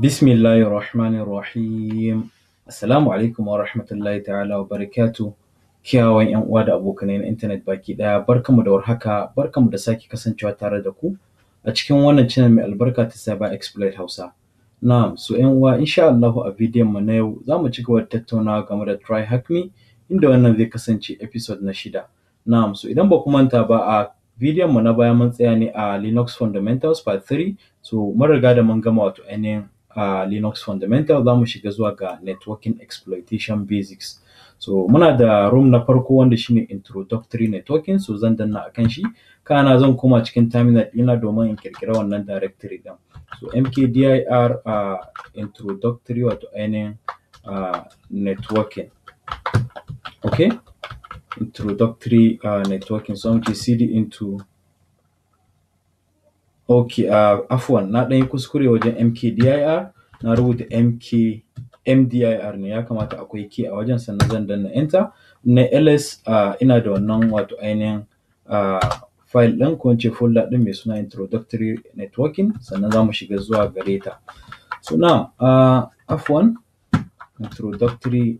Bismillahi rahmanir rahim. Assalamu alaikum wa rahmatullahi ta'ala wa barakatu. Kiyawan ‘yan uwa da abokanai na intanet baki ɗaya, barkanmu da warhaka, barkanmu da sake kasancewa tare da ku a cikin wannan channel mai albarka ta saba, Exploit Hausa. Na so ‘yan uwa insha Allah a bidiyon mu na yau za mu ci gaba da tattaunawa game da Try Hack Me inda wannan zai kasance episode na shida. Na so idan ba ku manta ba a bidiyon mu na baya mun tsaya ne a Linux Fundamentals Part 3, so mun riga da mun gama wato ainihin a Linux Fundamental za mu shiga zuwa ga Networking Exploitation Basics. So muna da room na farko wanda shine Introductory Networking so zan danna akan shi kana zan koma cikin terminal ɗina domin in kirkira wannan directory din. So mkdir uh, introductory wato ainihin uh, networking. Okay, introductory uh, networking so muke cd into Ok, uh, afwan, na ɗan kuskure wajen MKDIR, na rubuta MK MDIR ne, ya kamata akwai ke a wajen sannan zan danna enter. Na LS uh, ina da wannan wato ainihin uh, file ɗin ko ce folder ɗin mai suna introductory networking sannan za mu shiga zuwa gare ta. So now, uh, afwan, introductory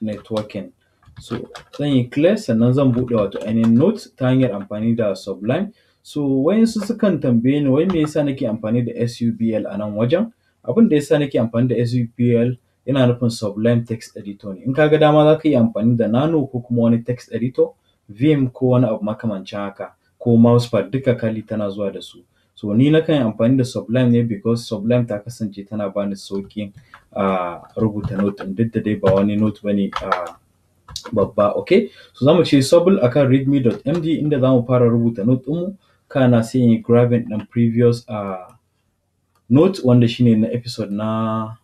networking. So zan yi clear sannan zan buɗe wato ainihin notes ta hanyar amfani da sublime. So wayansu sukan tambaye ni wai me yasa nake amfani da SUBL a nan wajen? Abin da yasa nake amfani da SUBL yana nufin Sublime Text Editor ne. In ka ga dama za ka iya amfani da Nano ko kuma wani text editor, Vim ko wani abu makamancin haka ko Mousepad duka Kali tana zuwa da su. So ni na kan amfani da Sublime ne because Sublime ta kasance tana bani sauƙin uh, rubuta note ɗin duk da dai ba wani note bane uh, babba okay so zamu ce subl akan readme.md inda zamu fara rubuta note ɗinmu kana sai in yi grabbing ɗin previous a note wanda shine na episode na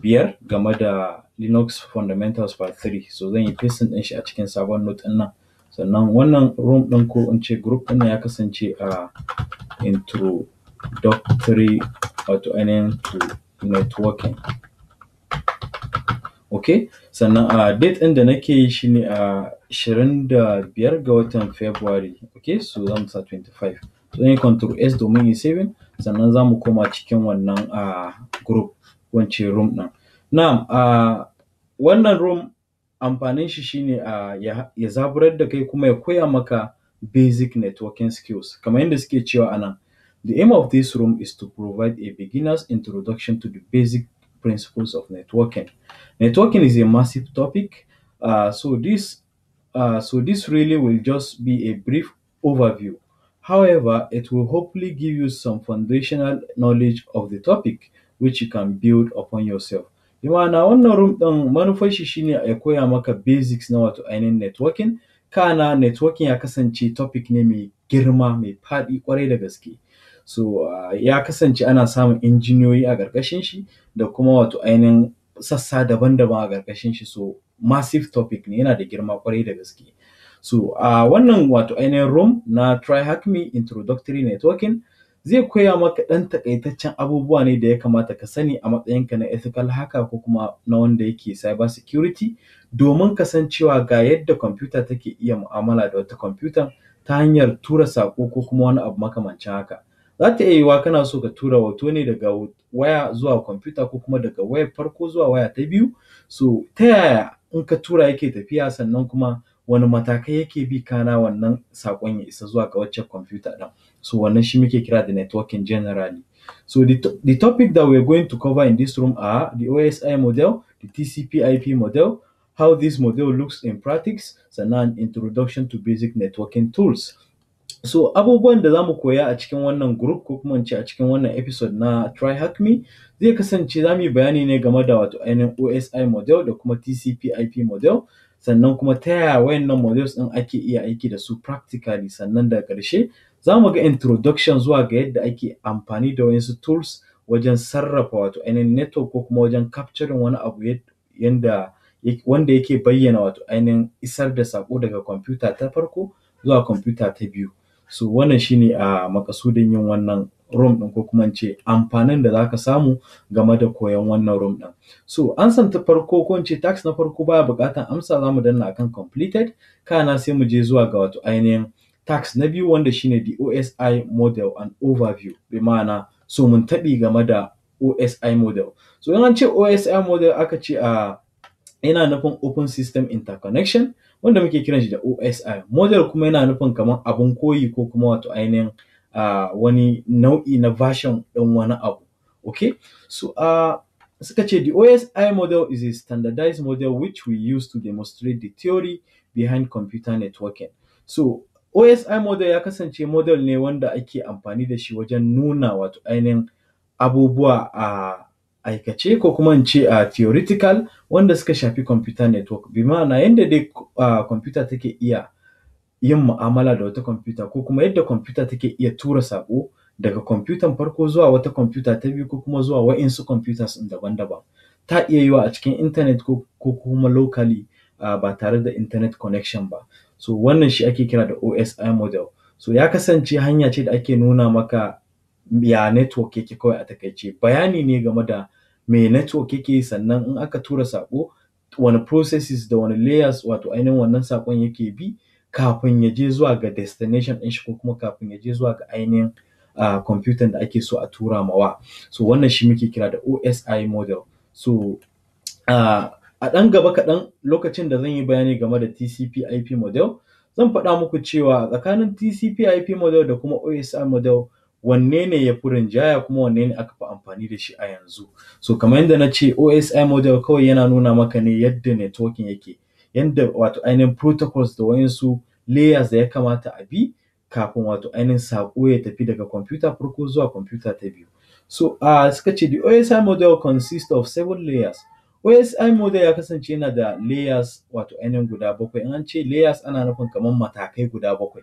biyar game da Linux Fundamentals Part 3 so zan yi pasting ɗin shi a cikin sabon note ɗin nan sannan wannan room ɗin ko in ce group ɗin ya kasance a introductory wato ainihin to networking okay sannan a ah, date ɗin da nake yi shi ne a 25 biyar ga watan February okay so za mu sa 25 zan yi control S domin yi saving sannan za mu koma cikin wannan a ah, group ko room ɗin Na a ah, wannan room amfanin shi shine a ya zaburar da kai kuma ya koya maka basic networking skills kamar yadda suke cewa anan the aim of this room is to provide a beginner's introduction to the basic principles of networking. Networking is a massive topic, uh, so this uh, so this really will just be a brief overview. However, it will hopefully give you some foundational knowledge of the topic which you can build upon yourself. Imana wannan rum ɗin manufar shine ya koya maka basics na wato ainihin networking, kana networking ya kasance topic ne mai girma mai faɗi kwarai da gaske. so uh, ya kasance ana samun injiniyoyi a ƙarƙashin shi da kuma wato ainihin sassa daban-daban a ƙarƙashin shi so massive topic ne yana da girma kwarai da gaske so a wannan wato ainihin room na try hack me introductory networking zai koya maka ɗan takaitaccen abubuwa ne da ya kamata ka sani a matsayinka na ethical haka ko kuma na wanda yake cyber security domin kasancewa ga yadda kwamfuta take iya mu'amala da wata kwamfutan ta hanyar tura sako ko kuma wani abu makamancin haka za ta iya yiwuwa kana so ka tura wato ne daga waya zuwa kwamfuta ko kuma daga wayar farko zuwa waya ta biyu so ta yaya in ka tura yake tafiya sannan kuma wani matakai yake bi kana wannan saƙon ya isa zuwa ga waccan kwamfuta ɗin so wannan shi muke kira da networking generally so the, topic that we're going to cover in this room are the osi model the tcp ip model how this model looks in practice sannan introduction to basic networking tools So abubuwan da za mu koya a cikin wannan group ko kuma ce a cikin wannan episode na Try Hack Me zai kasance za mu yi bayani ne game da wato ainihin OSI model da kuma TCP IP model sannan kuma ta yaya wayannan models ɗin ake iya aiki da su practically sannan da ƙarshe za mu ga introduction zuwa ga yadda ake amfani da wayansu tools wajen sarrafa wato ainihin network ko kuma wajen capturing wani abu yanda wanda yake bayyana wato ainihin isar da sako daga kwamfuta ta farko zuwa kwamfuta ta biyu. so wannan shine a makasudin yin wannan room din ko kuma ce amfanin da zaka samu game da koyon wannan room din. So an ta farko ko ce tax na farko baya bukatan amsa zamu danna akan completed kana sai mu je zuwa ga wato ainihin tax na biyu wanda shine the OSI model and overview bi ma'ana so mun taɓi game da OSI model. So yana an ce OSI model aka ce a yana nufin open system interconnection wanda muke kiran shi da OSI model kuma yana nufin kamar abun koyi ko kuma wato ainihin uh, wani nau'i na version ɗin wani abu okay so uh, suka ce the OSI model is a standardized model which we use to demonstrate the theory behind computer networking so OSI model ya kasance model ne wanda ake amfani da shi wajen nuna wato ainihin abubuwa a aikace ko kuma in ce a theoretical wanda suka shafi computer network bi ma'ana yadda dai computer take iya yin mu'amala da wata computer ko kuma yadda computer take iya tura saƙo daga computer farko zuwa wata computer ta biyu ko kuma zuwa waɗansu computers in daban-daban. Ta iya yiwa a cikin internet ko kuma locally ba tare da internet connection ba. So wannan shi ake kira da OSI model. So ya kasance hanya ce da ake nuna maka ya network yake kawai a takaice bayani ne game da me network yake sannan in aka tura sako wani processes da wani layers wato ainihin wannan sakon yake bi kafin ya je zuwa ga destination ɗin shi ko kuma kafin ya je zuwa ga ainihin uh, computer da ake so a tura mawa so wannan shi muke kira da OSI model so uh, a dan gaba kaɗan lokacin da zan yi bayani game da TCP IP model zan faɗa muku cewa tsakanin TCP IP model da kuma OSI model wanne ne ya fi rinjaya kuma wanne ne aka fi amfani da shi a yanzu so kamar yadda na ce osi model kawai yana nuna maka ne yadda networking yake yadda wato ainihin protocols da wayansu layers da ya kamata a bi kafin wato ainihin saƙo ya tafi daga kwamfuta farko zuwa kwamfuta ta biyu so uh, suka ce the osi model consist of seven layers osi model ya kasance yana da layers wato ainihin guda bakwai in an ce layers ana nufin kamar matakai guda bakwai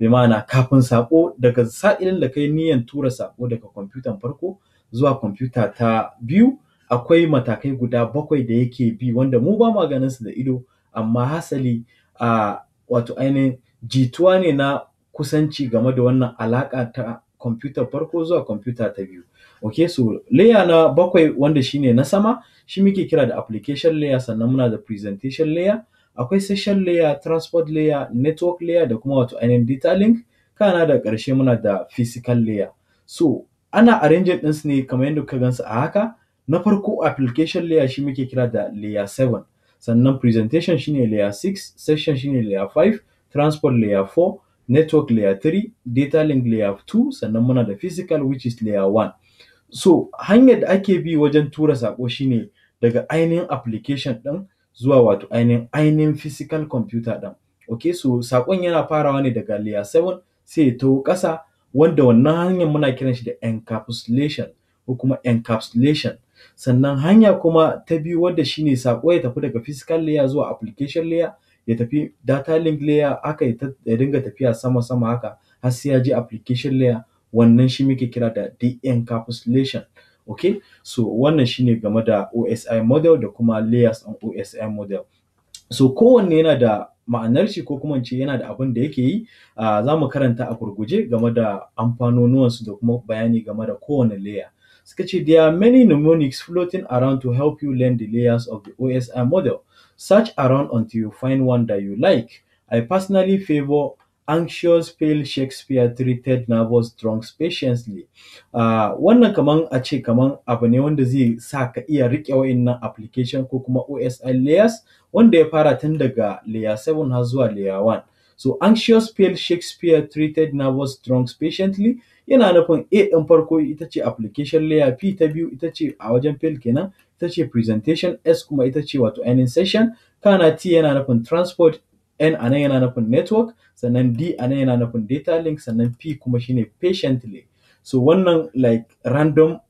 Bi ma'ana kafin saƙo daga sa'ilin da kai niyan tura saƙo daga kwamfutan farko zuwa kwamfuta ta biyu akwai matakai guda bakwai da yake bi wanda mu ba ma ganin su da ido amma hasali a wato ainihin jituwa ne na kusanci game da wannan alaƙa ta kwamfutar farko zuwa kwamfuta ta biyu. Ok so layer na bakwai wanda shine na sama shi muke kira da application layer sannan muna da presentation layer akwai session layer transport layer network layer da kuma wato ainihin data link kana da ƙarshe muna da physical layer so ana din su ne kamar yadda kuka gansu a haka na farko application layer shi muke kira da layer 7 sannan presentation shine layer 6 session shine layer 5 transport layer 4 network layer 3 data link layer 2 sannan muna da physical which is layer 1 so hanyar da ake bi wajen tura sako shine daga ainihin application ɗin zuwa wato ainihin ainihin physical computer ɗin. Okay so saƙon yana farawa ne daga layer 7 sai ya taho ƙasa wanda wannan hanyar muna kiran shi da encapsulation ko kuma encapsulation. Sannan hanya kuma ta biyu wadda shine saƙo ya tafi daga physical layer zuwa application layer ya tafi data link layer haka ya dinga tafiya sama sama haka har sai ya je application layer wannan shi muke kira da de encapsulation. ok so wannan shine game da OSI model da kuma layers on OSI model so kowanne yana da ma'anar shi ko kuma ce yana da abin da yake yi uh, za mu karanta a gurguje game da amfanonuwansu da kuma bayani game da kowane layer suka ce there are many mnemonics floating around to help you learn the layers of the OSI model search around until you find one that you like I personally favor anxious, pale Shakespeare treated nervous drunks patiently. Ah, wannan kaman a ce kaman abu ne wanda zai sa ka iya riƙe wa'innan application ko kuma OSI layers wanda ya fara tun daga layer 7 har zuwa layer 1. So anxious, pale Shakespeare treated nervous drunks patiently yana nufin A ɗin farko ita ce application layer, P ta biyu ita ce a wajen pale kenan, ita ce presentation, S kuma ita ce wato ending session, kana T yana nufin transport, N a nan yana nufin network, sannan D a nan yana nufin data link, sannan P kuma shine patient link. So wannan like random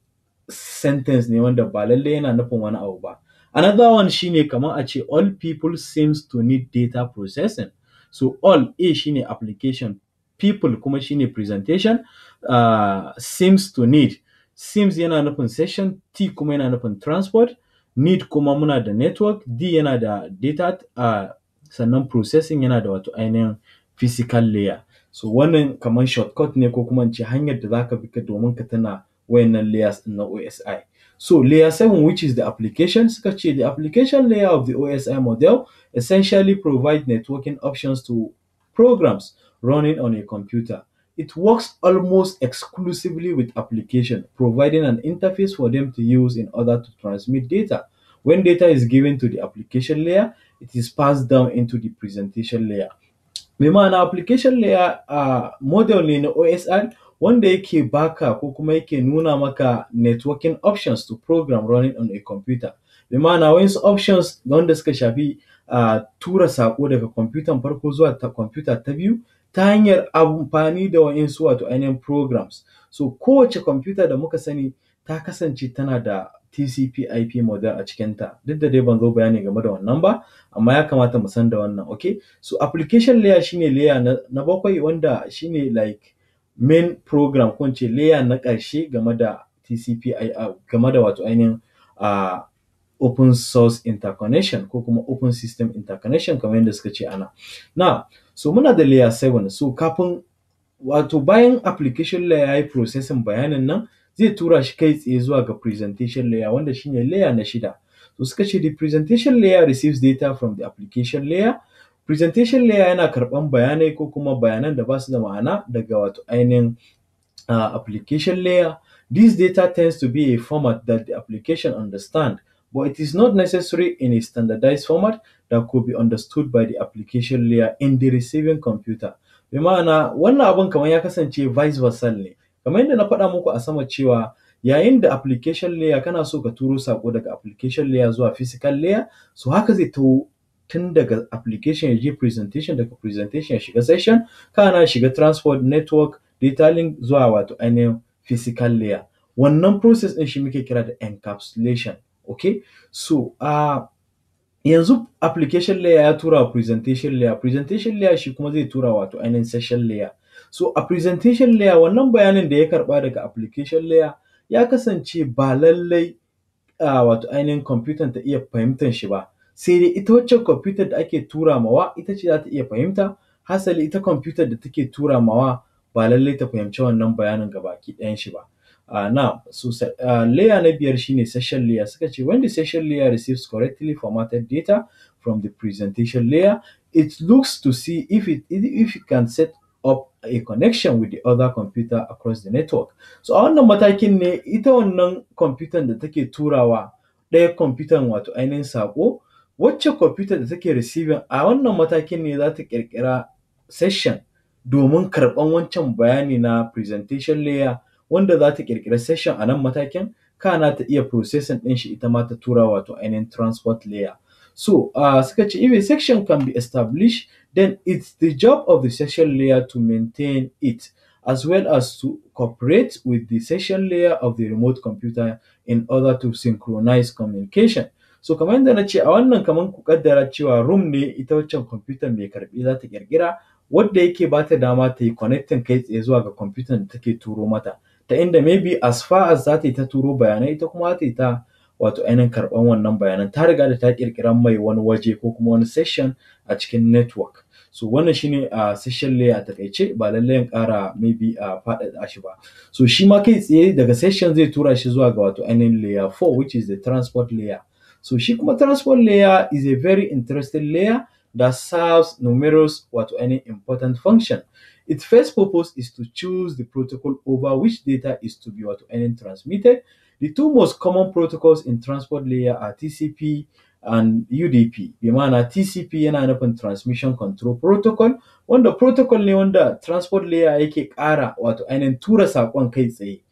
sentence ne wanda ba lalle yana nufin wani abu ba. Another one shine kamar a ce all people seems to need data processing. So all A shine application, people kuma shine presentation, uh, seems to need. Seems yana nufin session, T kuma yana nufin transport, need kuma muna da network, D yana da data, uh, sannan processing yana da wato ainihin physical layer so wannan kamar shortcut ne ko kuma ce hanyar da zaka bi ka domin ka tana wayannan layers na OSI so layer 7 which is the application suka ce the application layer of the OSI model essentially provide networking options to programs running on a computer It works almost exclusively with application, providing an interface for them to use in order to transmit data. When data is given to the application layer, it is passed down into the presentation layer. Mai ma'ana application layer a ah, model ne na OSI wanda yake baka ko kuma yake nuna maka networking options to program running on a computer. Bi na wasu options wanda suka shafi a ah, tura sako daga computer farko zuwa ta kwamfuta ta biyu ta hanyar amfani da waɗansu wato ainihin programs. So kowace kwamfuta da muka sani ta kasance tana da TCP/IP model a cikinta duk da dai ban zo bayani game da wannan ba amma ya kamata mu san da wannan okay so application layer shine layer na, na bakwai wanda shine like main program ko ce layer na ƙarshe game da TCP game da wato ainihin uh, open source interconnection ko kuma open system interconnection kamar yadda suka ce ana na so muna da layer 7 so kafin wato bayan application layer ya processing bayanin nan zai tura shi kai tsaye zuwa ga presentation layer wanda shine layer na shida to suka ce the presentation layer receives data from the application layer presentation layer yana karban bayanai ko kuma bayanan da ba su da ma'ana daga wato ainihin uh, application layer this data tends to be a format that the application understand but it is not necessary in a standardized format that could be understood by the application layer in the receiving computer. Bi ma'ana wannan abun kamar ya kasance vice versa ne Kamar yadda na faɗa muku a sama cewa yayin da application layer kana so ka turo sako daga application layer zuwa physical layer so haka zai taho tun daga application ya je presentation daga presentation ya shiga session kana shiga transport network data link zuwa wato ainihin physical layer wannan process ɗin shi muke kira da encapsulation okay so uh, yanzu application layer ya tura presentation layer presentation layer shi kuma zai tura wato ainihin session layer So a presentation layer wannan bayanin da ya karba daga application layer ya kasance ba lallai uh, wato ainihin computer ta iya fahimtar shi ba. Sai dai ita wacce computer da ake tura mawa ita ce za ta iya fahimta, hasali ita computer da take tura mawa ba lallai ta fahimci wannan bayanin gabaki ɗayan shi ba. Uh, now, so uh, layer na biyar shine session layer suka ce when the session layer receives correctly formatted data from the presentation layer, it looks to see if it if it can set up a connection with the other computer across the network. So a wannan matakin ne ita wannan computer da take turawa ɗaya kwamfutan wato ainihin saƙo wacce computer da take receiving a wannan matakin ne za ta ƙirƙira session domin karɓan wancan bayani na presentation layer wanda za ta ƙirƙira session a nan matakin kana ta iya processing ɗin shi ita ma ta tura wato ainihin transport layer. So uh, suka ce section can be established then it's the job of the session layer to maintain it as well as to cooperate with the session layer of the remote computer in order to synchronize communication. So kamar yadda na ce a wannan kamar ku kaddara cewa room ne ita waccan computer mai karbi za ta kirkira wadda yake ba ta dama ta yi connecting kai tsaye zuwa ga computer da take turo mata ta inda maybe as far as za ta yi ta turo bayanai ita kuma za ta yi ta wato ainihin karɓan wannan bayanan ta riga da ta ƙirƙira mai wani waje ko kuma wani session a cikin network so wannan shine a session layer a takaice ba lallai in ƙara maybe a uh, faɗaɗa shi ba so shi ma kai tsaye daga session zai tura shi zuwa ga wato ainihin layer 4 which is the transport layer so shi kuma transport layer is a very interesting layer that serves numerous wato any important function its first purpose is to choose the protocol over which data is to be wato any transmitted The two most common protocols in transport layer are TCP and UDP. Bi TCP yana nufin Transmission Control Protocol, wanda protocol ne wanda transport layer yake ƙara wato ainihin tura saƙon kai tsaye.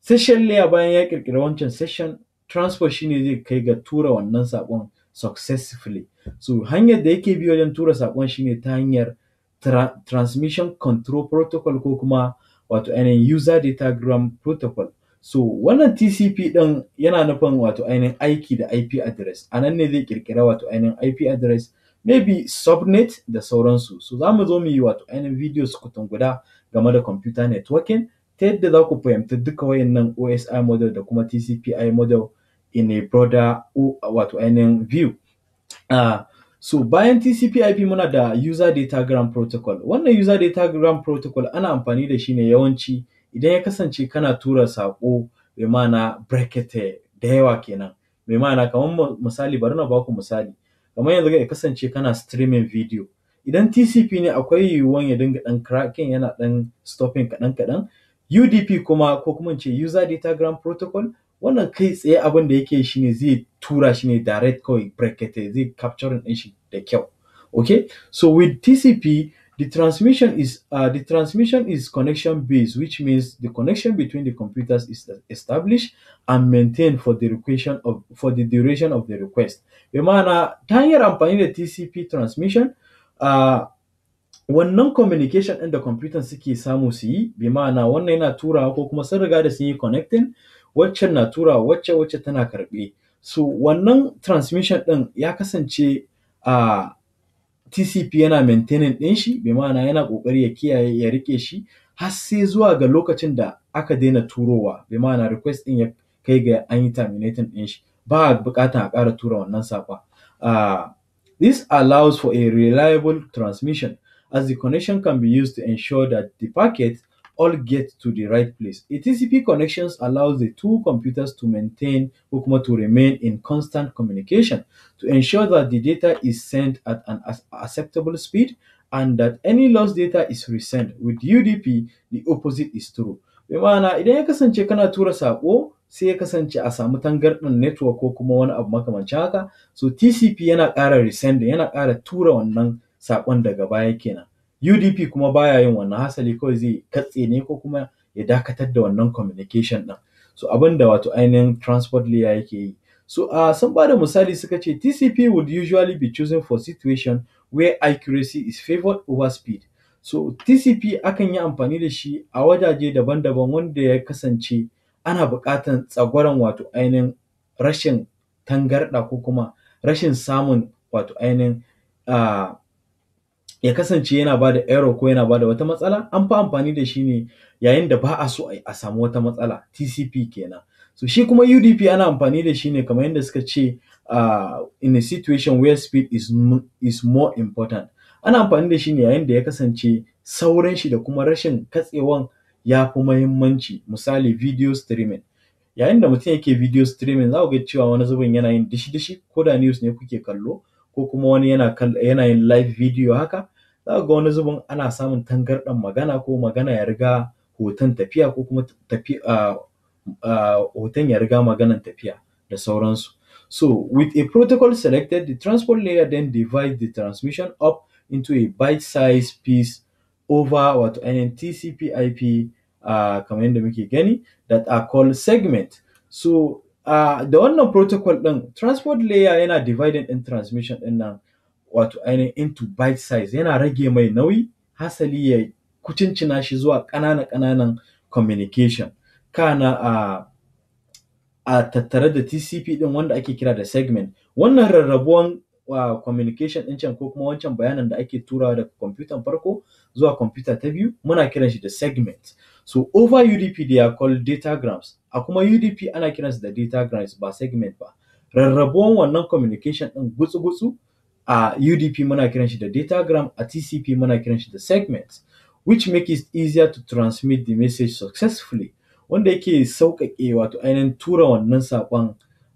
Session layer bayan ya ƙirƙiri wancan session, transport shine zai kai ga tura wannan saƙon successfully. So hanyar da yake bi wajen tura saƙon shine ta hanyar tra Transmission Control Protocol ko kuma wato ainihin User Datagram Protocol. So wannan TCP ɗin yana nufin wato ainihin aiki da IP address, a nan ne zai ƙirƙira wato ainihin IP address, maybe subnet da sauransu. So za mu zo mu yi wato ainihin video sukutun guda game da computer networking ta yadda za ku fahimci duka wayannan OSI model da kuma TCPI model in a broader wato ainihin view. Ah, so bayan TCP/IP muna da user datagram protocol. Wannan user datagram protocol ana amfani da shi ne yawanci idan ya kasance kana tura saƙo mai ma'ana brekete da yawa kenan mai ma'ana kamar misali bari na baku misali kamar yanzu ya kasance kana streaming video idan TCP ne akwai yiwuwan ya dinga ɗan cracking yana ɗan stopping kaɗan kaɗan UDP kuma ko kuma ce user datagram protocol wannan kai tsaye abin da yake shi ne zai tura shi ne direct kawai brekete zai capturing ɗin shi da kyau okay so with TCP The transmission is uh, the transmission is connection based, which means the connection between the computers is established and maintained for the duration of for the duration of the request. Bi ta hanyar amfani da TCP transmission uh, wannan communication in the computer suke samu su yi bi ma'ana wannan yana turawa ko kuma sun riga da sun yi connecting wacce na tura wacce wacce tana karbe. So wannan transmission ɗin ya kasance a uh, TCP yana maintaining ɗin shi bi ma'ana yana ƙoƙari ya kiyaye ya riƙe shi har sai zuwa ga lokacin da aka daina turowa bi ma'ana request ɗin ya kai ga an yi terminating ɗin shi ba buƙatan a ƙara tura wannan saƙon. Uh, this allows for a reliable transmission as the connection can be used to ensure that the packet all get to the right place. A TCP connection allows the two computers to maintain ko kuma to remain in constant communication to ensure that the data is sent at an acceptable speed and that any lost data is resent. With UDP, the opposite is true. Bi ma'ana idan ya kasance kana tura sako sai ya kasance a samu tangarɗin network ko kuma wani abu makamancin haka. So TCP yana ƙara resending, yana ƙara tura wannan sakon daga baya kenan. UDP kuma baya yin wannan hasali kawai zai katse ne ko kuma ya dakatar da wannan communication ɗin. So abin da wato ainihin transport layer yake yi. So uh, sun bada misali suka ce TCP would usually be chosen for situation where accuracy is favored over speed. So TCP akan yi amfani da shi a wajaje daban-daban wanda ya kasance ana buƙatar tsagwaron wato ainihin rashin tangarɗa ko kuma rashin samun wato ainihin uh, ya kasance yana ba da error ko yana ba da wata matsala an fi amfani da shi ne yayin da ba a so a samu wata matsala tcp kenan so shi kuma udp ana amfani da shi ne kamar yadda suka ce uh, in a situation where speed is, is more important ana amfani da shi ne yayin da ya kasance sauran shi da kuma rashin katsewan ya fi mahimmanci misali video streaming yayin da mutum yake video streaming za ku ga cewa wani zubin yana yin dishi-dishi ko da news ne kuke kallo ko kuma wani yana, yana yin live video haka za ga wani zubin ana samun tangarɗan magana ko magana ya riga hoton tafiya ko kuma hoton ya riga maganan tafiya da sauransu. So with a protocol selected, the transport layer then divides the transmission up into a bite size piece over wato ainihin TCP IP uh, kamar yadda muke gani that are called segment. So uh, da wannan protocol ɗin transport layer yana divided in transmission ɗin nan wato ainihin into bite size yana rage mai nauyi hasali ya kucincina shi zuwa ƙanana kananan communication kana a a tattare da TCP din wanda ake kira da segment wannan rarrabuwan uh, communication din can ko kuma wancan bayanan da ake turawa daga kwamfutan farko zuwa kwamfuta ta biyu muna kiran shi da segment so over UDP they are called datagrams a kuma UDP ana kiransu da datagrams ba segment ba rarrabuwan wannan communication din gutsu-gutsu uh, UDP muna kiran datagram a TCP muna kiran shi segments which make it easier to transmit the message successfully wanda yake sauƙaƙe wato ainihin tura wannan saƙon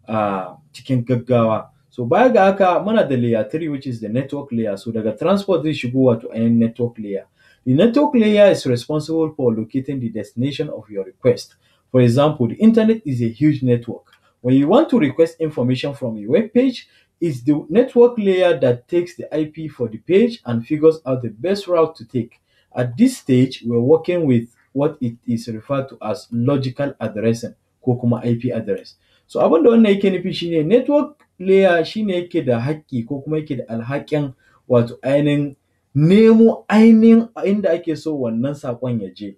uh, cikin gaggawa so by ga haka muna da layer 3 which is the network layer so the transport should go to any network layer the network layer is responsible for locating the destination of your request for example the internet is a huge network when you want to request information from a web page It's the network layer that takes the IP for the page and figures out the best route to take. At this stage, we're working with what it is referred to as logical addressing kokuma IP address. So abinda wannan yake nufi shine network layer shine yake da haƙƙi ko kuma yake da alhakin wato ainihin nemo ainihin inda ake so wannan saƙon ya je.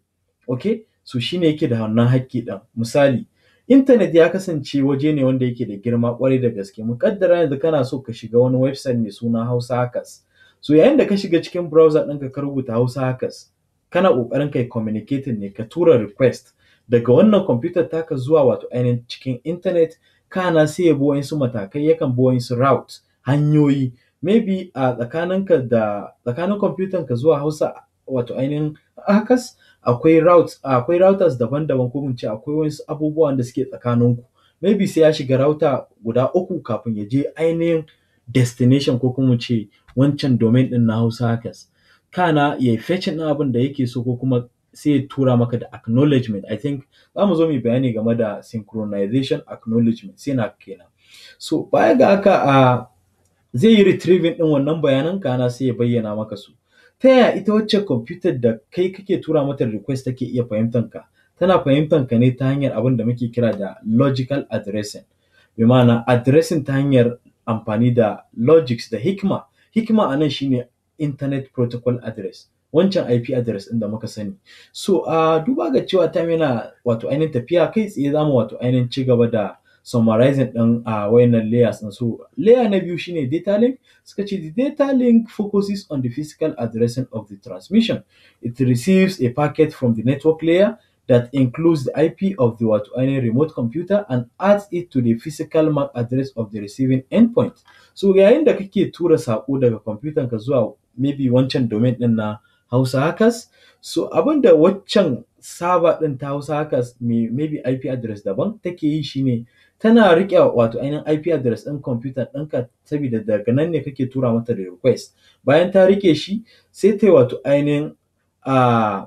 Okay? So shine yake da wannan haƙƙi ɗin. Misali, Intanet ya kasance waje ne wanda yake da girma kwarai da gaske. kaddara yanzu kana so ka shiga wani website mai suna Hausa Hackers. So yayin da ka shiga cikin browser ɗinka ka rubuta Hausa Hackers, kana ƙoƙarin kai communicating ne ka tura request daga wannan computer taka zuwa wato ainihin cikin intanet kana sai ya bi waɗansu matakai yakan bi waɗansu route hanyoyi maybe a tsakaninka da tsakanin computer ka zuwa Hausa wato ainihin Hackers akwai routes akwai routers daban-daban ko mun ce akwai wasu abubuwan da suke tsakanin ku maybe sai ya shiga router guda uku kafin ya je ainihin destination ko kuma ce wancan domain din na Hausa hackers kana ya fetching din abin da yake so ko kuma sai ya tura maka da acknowledgement i think za mu zo mu bayani game da synchronization acknowledgement sai na kenan so baya ga haka a ah, zai yi retrieving din wannan bayanan kana sai ya bayyana maka su ta ya ita wacce kwamfutar da kai kake tura mata request take iya fahimtar ka tana fahimtar ka ne ta hanyar abin da muke kira da logical addressing bi ma'ana addressing ta hanyar amfani da logics da hikma hikma a nan shine internet protocol address wancan IP address ɗin da muka sani so a duba ga cewa ta yana wato ainihin tafiya kai tsaye zamu wato ainihin ci gaba da summarizing ɗin a wayannan layers ɗin. So layer na biyu shine data link suka ce the data link focuses on the physical addressing of the transmission. It receives a packet from the network layer that includes the IP of the wato ainihin remote computer and adds it to the physical MAC address of the receiving endpoint. So yayin da kake tura sako daga computer ka zuwa maybe wancan domain ɗin na Hausa Hackers. So abin da waccan server ɗin ta Hausa Hackers maybe IP address daban take yi shine tana riƙe wato ainihin IP address ɗin computer ɗinka saboda daga nan ne kake tura mata da request bayan ta riƙe shi sai ta wato ainihin a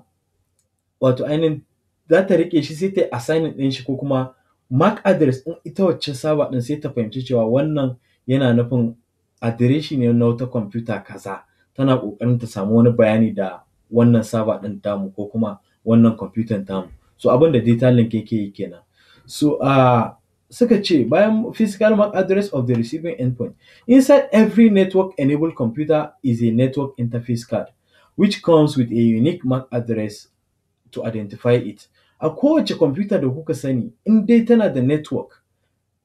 wato ainihin za ta riƙe shi sai ta assign ɗin shi ko kuma MAC address ɗin ita wacce server ɗin sai ta fahimci cewa wannan yana nufin adireshi ne na wata computer kaza tana ƙoƙarin ta samu wani bayani da wannan server ɗin tamu ko kuma wannan computer tamu so abin da data link yake yi kenan so a suka ce bayan physical MAC address of the receiving endpoint, inside every network-enabled computer is a network interface card, which comes with a unique MAC address to identify it. A kowace computer da kuka sani, in dai tana da network,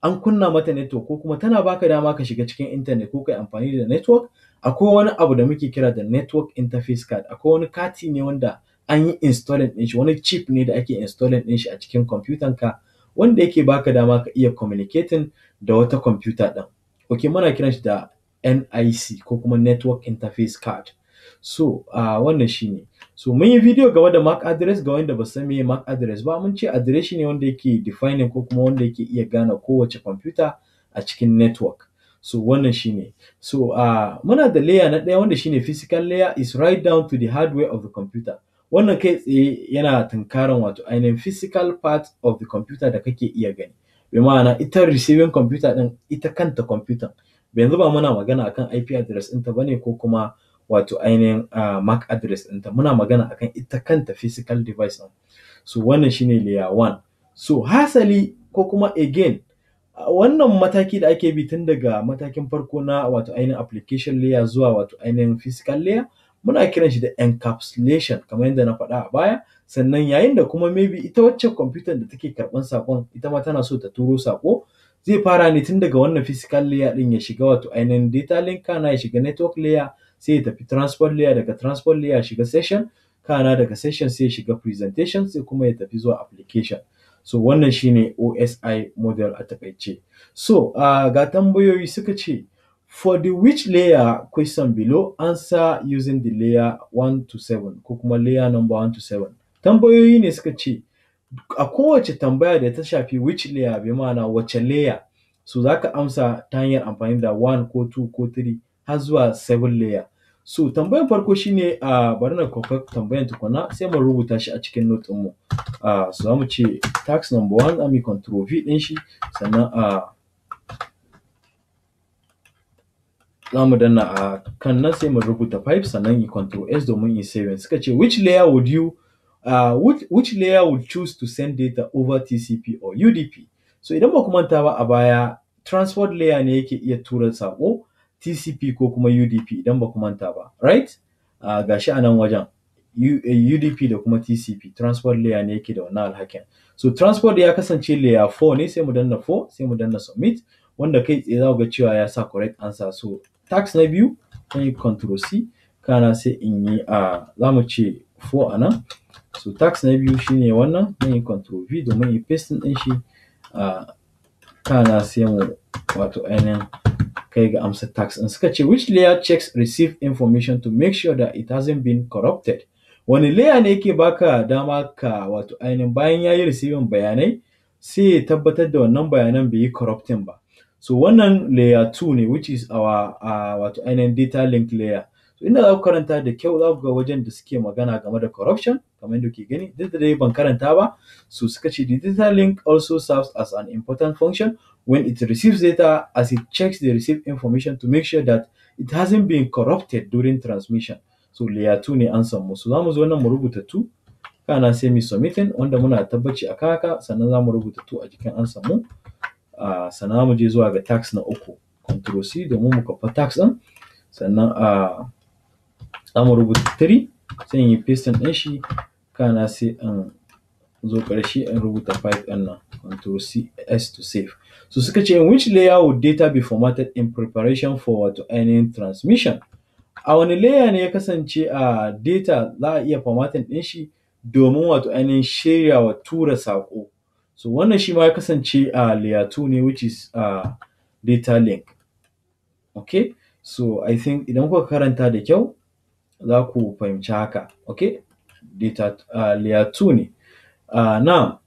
an kunna mata network ko kuma tana baka dama ka shiga cikin internet ko kai amfani da network, akwai wani abu da muke kira da network interface card, akwai wani kati ne wanda an yi installing ɗin shi, wani chip ne da ake installing ɗin shi a cikin computer ka wanda yake baka dama ka iya communicating da wata computer ɗin. Ok muna kiran shi da NIC ko kuma Network Interface Card. So uh, wannan shi ne. So mun yi video game da mark address ga wanda ba san me MAC address ba mun ce address shi ne wanda yake defining ko kuma wanda yake iya gane kowace computer a cikin network. So wannan shi ne. So uh, muna da layer na ɗaya wanda shi ne physical layer is right down to the hardware of the computer. Wannan kai tsaye yana tunkaran wato ainihin physical part of the computer da kake iya gani. Bi ma'ana ita receiving computer din ita kanta computer yanzu ba muna magana akan IP address ɗinta ba ne ko kuma wato ainihin MAC address ɗinta muna magana akan ita kanta physical device ɗin. So wannan shine layer one. So hasali ko kuma again wannan mataki da ake bi tun daga matakin farko na wato ainihin application layer zuwa wato ainihin physical layer muna kiran shi da encapsulation kamar yadda na faɗa a baya sannan yayin da kuma maybe ita wacce kwamfutar da take karban saƙon ita ma tana so ta turo saƙo zai fara ne tun daga wannan physical layer ɗin ya shiga wato ainihin data link kana ya shiga network layer sai ya tafi transport layer daga transport layer shiga session kana daga session sai ya shiga presentation sai kuma ya tafi zuwa application so wannan shine OSI model a takaice so uh, ga tambayoyi suka ce For the which layer question below, answer using the layer 1 to 7 ko kuma layer number 1 to 7. Tambayoyi ne suka ce, a kowace tambaya da ta shafi which layer bi mana wace layer, so za ka amsa ta hanyar amfani da 1 ko 2 ko 3 har zuwa 7 layer. So tambayan farko shi ne a bari na kwafa tambayan tukuna sai mu rubuta shi a cikin note mu. Uh, so za mu ce tax number 1 ami control V din shi sannan a za mu danna a kan nan sai mu rubuta 5 sannan yi control S domin yi saving. Suka ce which layer would you uh, which, which layer would choose to send data over TCP or UDP? So idan ba kuma manta ba a baya transport layer ne yake iya tura sako TCP ko kuma UDP idan ba kuma manta ba, right? Uh, gashi a nan wajen UDP eh, da kuma TCP transport layer ne yake da wannan alhakin. So transport ya kasance layer 4 ne sai mu danna 4 sai mu danna submit wanda kai tsaye za ga cewa ya sa correct answer so tax na biyu zan yi control C kana sai in yi a za mu ce 4 a nan. So tax na biyu shi ne wannan zan yi control V domin in paste ɗin shi a kana sai mu wato ainihin kai ga amsa tax in Suka ce which layer checks receive information to make sure that it hasn't been corrupted. Wani layer ne yake baka dama ka wato ainihin bayan ya yi receiving bayanai sai ya tabbatar da wannan bayanan bai yi corrupting ba. So wannan layer 2 ne which is our uh, wato ainihin data link layer. So inda za ku karanta da kyau za ku ga wajen da suke magana game da corruption kamar yadda kuke gani duk da dai ban karanta ba so suka ce the data link also serves as an important function when it receives data as it checks the received information to make sure that it hasn't been corrupted during transmission. So layer 2 ne an samu. So za mu zo nan mu rubuta 2 kana sai mu submitting wanda muna tabbaci a haka sannan za mu rubuta 2 a jikin an samu. a sannan mu je zuwa ga tax na uku control c domin mu kafa tax ɗin sannan a zamu mu rubuta 3 sai in yi pasting ɗin shi kana sai in zo karshe in rubuta 5 din nan control c s to save so suka ce in which layer would data be formatted in preparation for wato any transmission a wani layer ne ya kasance a data za a iya formatting ɗin shi domin wato ainihin shirya wa tura saƙo So wannan shi ma ya kasance a layer 2 ne which is a data link. Okay, so I think idan kuka karanta da kyau za ku fahimci haka. Okay, data uh, layer 2 ne. Uh, now,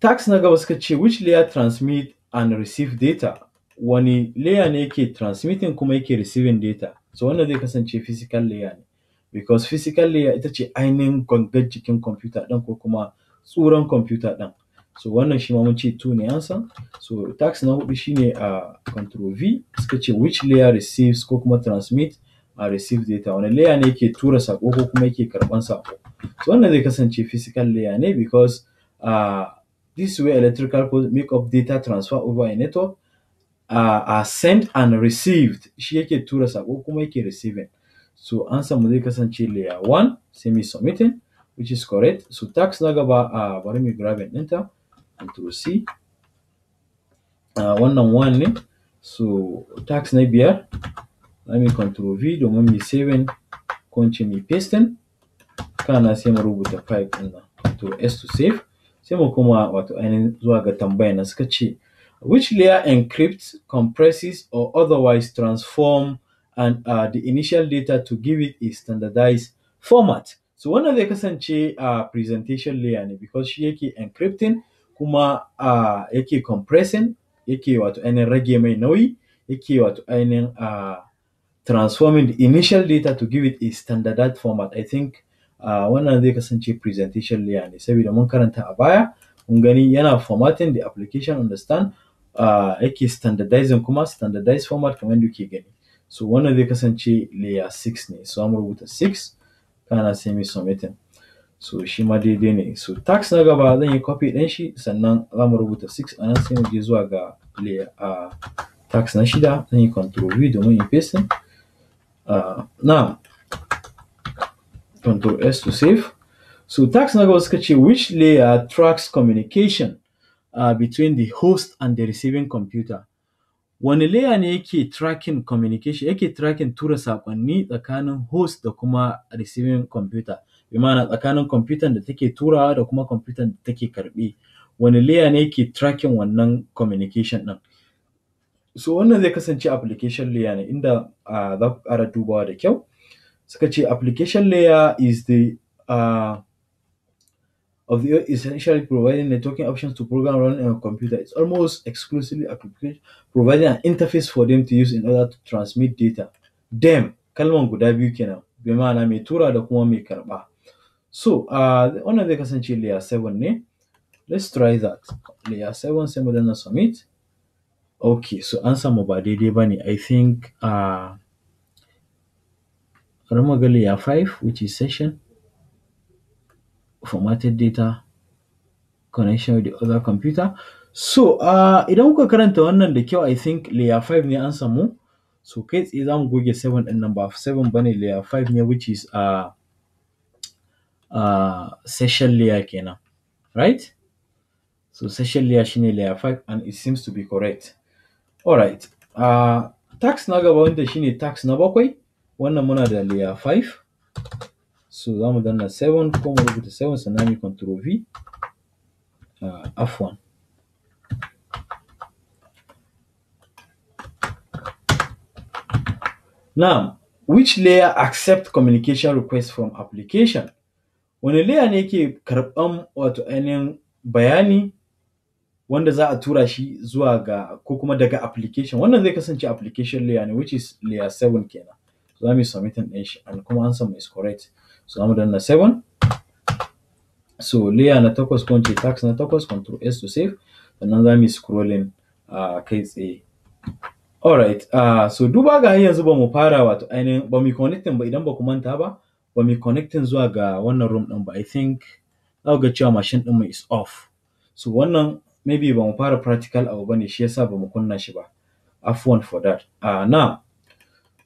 tax na gaba suka ce which layer transmit and receive data wani layer ne yake transmitting kuma yake receiving data so wannan zai kasance physical layer ne because physically layer ita ce ainihin gangar jikin computer ɗin ko kuma tsuran computer ɗin. So wannan shi ma mun ce two ne So tax na hudu shi ne a ah, control V suka ce which layer receives ko kuma transmit a receive data wani layer ne yake tura sako ko kuma yake karban sako. So wannan zai kasance physical layer ne because uh, this way electrical codes make up data transfer over a network uh, are sent and received shi yake tura sako kuma yake receiving. So answer mu zai kasance layer 1 sai mu submitting which is correct. So tax na gaba a bari mu grabbing ɗinta control C. wannan one ne. So tax na biyar let me control V domin mu saving ko in mu pasting. Kana sai mu rubuta file ɗin nan control S to save. Sai mu kuma wato ainihin zuwa ga tambayar nan suka ce which layer encrypts, compresses or otherwise transform and uh, the initial data to give it a standardized format. So wannan zai kasance a presentation layer ne because shi yake encrypting kuma uh, yake compressing yake wato ainihin rage mai nauyi yake wato ainihin uh, transforming the initial data to give it a standardized format. I think uh, wannan zai kasance presentation layer ne saboda mun karanta a baya mun gani yana formatting the application understand uh, yake standardizing kuma standardized format kamar yadda kuke gani. so one wannan zai kasance layer 6 ne so an rubuta 6 kana sai mai submitting so she made it ne so tax na gaba Then you copy Then ɗin shi sannan za mu rubuta 6 a nan sai mu je zuwa ga layer a tax na shida Then you control v domin in paste uh, now control s to save so tax na gaba suka which layer tracks communication uh, between the host and the receiving computer Wani layer ne yake tracking communication yake tracking tura saƙonni tsakanin host da kuma receiving computer? Bi ma'ana tsakanin computer da take turawa da kuma computer da take karɓe. wani layer ne yake tracking wannan communication ɗin? So wannan zai kasance application layer ne inda uh, za ku ƙara dubawa da kyau. Suka ce application layer is the uh, of the year is essentially providing networking options to program running on a computer. It's almost exclusively application providing an interface for them to use in order to transmit data. Them kalman guda biyu kenan bi ma'ana mai tura da kuma mai karɓa. So uh, wannan zai kasance layer 7 ne. Let's try that. Layer 7 sai mu danna submit. Okay, so an samu ba daidai ba ne. I think uh, Ramaga layer 5 which is session. formatted data connection with the other computer. So, uh, idan kuka karanta wannan da kyau, I think layer 5 ne an samu. So, kai tsaye za mu goge 7 din nan ba 7 bane layer 5 ne which is uh, uh, session layer kenan. Right? So, session layer shine layer 5 and it seems to be correct. Alright. Uh, tax na gaba wanda shine tax na bakwai. Wannan muna da layer 5. So za mu danna 7 ko mu rubuta 7 sannan mu control V. Uh, 1 Now, which layer accept communication request from application? Wani layer ne yake karɓan wato ainihin bayani wanda za a tura shi zuwa ga ko kuma daga application. Wannan zai kasance application layer ne which is layer 7 kenan. Za mu yi submitting ɗin shi and kuma answer mu is correct. so za mu danna seven. so layer na takwas ko tax na takwas control s to save sannan za mu yi scrolling uh, kai tsaye alright uh, so duba ga yanzu ba mu fara wato ainihin ba mu connecting ba idan ba ku manta ba ba mu connecting zuwa ga wannan room din ba i think za ga cewa machine din mu is off so wannan maybe ba mu fara practical abu bane shi yasa ba mu kunna shi ba afwan for that uh, now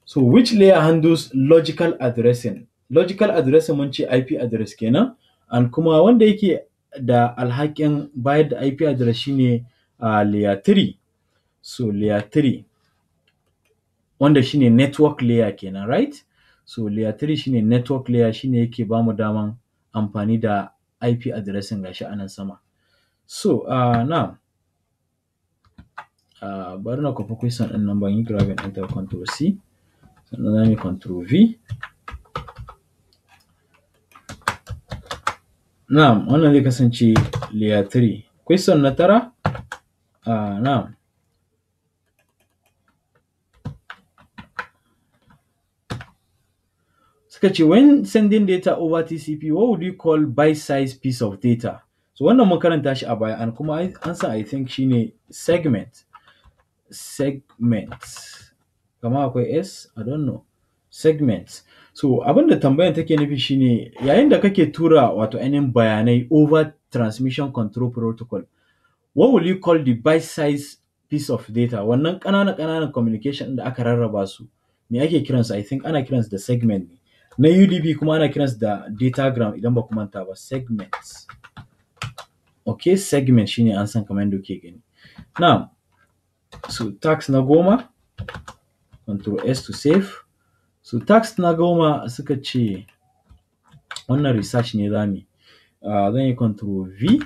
so which layer handles logical addressing logical addressing mun ce IP address kenan and kuma wanda yake da alhakin bayar da IP address shine uh, layer 3 so layer 3 wanda shine network layer kenan right so layer 3 shine network layer shine yake bamu daman amfani da IP addressing gashi anan sama so uh, now uh, bari na kwafi question ɗin nan ban yi grabbing enter control C sannan so, za control V Na'am, wannan zai kasance layer 3. Question na tara, Ah, na'am. Suka ce when sending data over TCP, what would you call bite-size piece of data? So wannan mun karanta shi a baya and kuma ansa I think ne segment. Segment. Kamar akwai S, I don't know. Segment. So abin da tambayan take nufi shine yayin da kake tura wato ainihin bayanai over transmission control protocol, what will you call the by size piece of data? Wannan ƙananan ƙananan communication da aka rarraba su, me ake kiransu? I think ana kiransu da segment ne. Na UDP kuma ana kiransu da datagram idan ba kuma manta ba segments. Okay, segment shine an san kamar yadda kuke gani. Now, so tax na goma, control S to save. So tax na goma suka ce wannan research ne za mu yi. Uh, zan yi control V.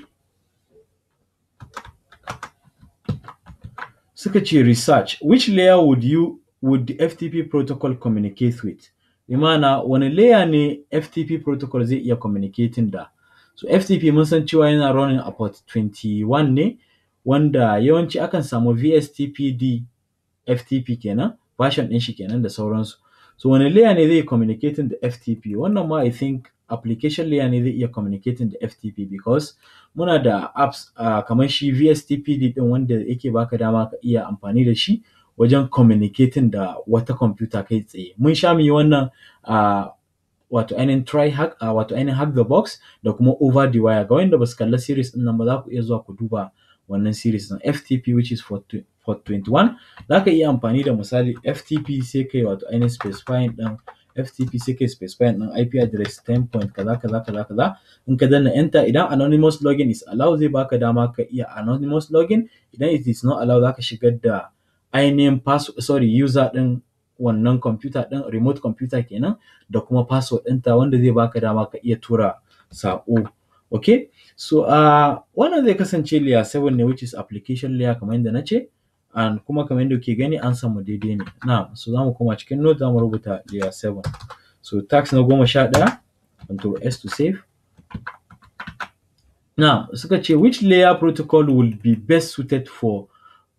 Suka ce research, which layer would you would the FTP protocol communicate with? Imana wani layer ne FTP protocol zai iya communicating da? So FTP mun san cewa yana running a port 21 ne wanda yawanci akan samu VSTPD FTP kenan, version ɗin shi kenan da sauransu. So wani layer ne zai communicating da FTP? Wannan ma I think application layer ne zai iya communicating da FTP because muna da apps uh, kamar shi VSTPD din wanda yake baka dama ka iya amfani da shi wajen communicating da wata computer kai tsaye. Mun sha mu wannan wato ainihin try hack uh, wato ainihin hack the box da kuma over the wire ga wanda ba su kalla series din nan ba za ku iya zuwa ku duba wannan series na FTP which is for port 21 za ka iya amfani da misali FTP sai kai wato ainihin specifying din FTP sai kai specifying din IP address 10 point kaza kaza kaza kaza in ka danna enter idan anonymous login is allowed zai baka dama ka iya anonymous login idan it is not allowed zaka shigar da ainihin password sorry user din wannan computer din remote computer kenan da kuma password ɗinta wanda zai baka dama ka iya tura saƙo okay So uh, wannan zai kasance layer 7 ne which is application layer kamar yadda na ce and kuma kamar yadda kuke gani an samu daidai ne. na so za mu koma cikin node za rubuta layer 7. So tax na goma sha ɗaya control S to save. na suka ce which layer protocol will be best suited for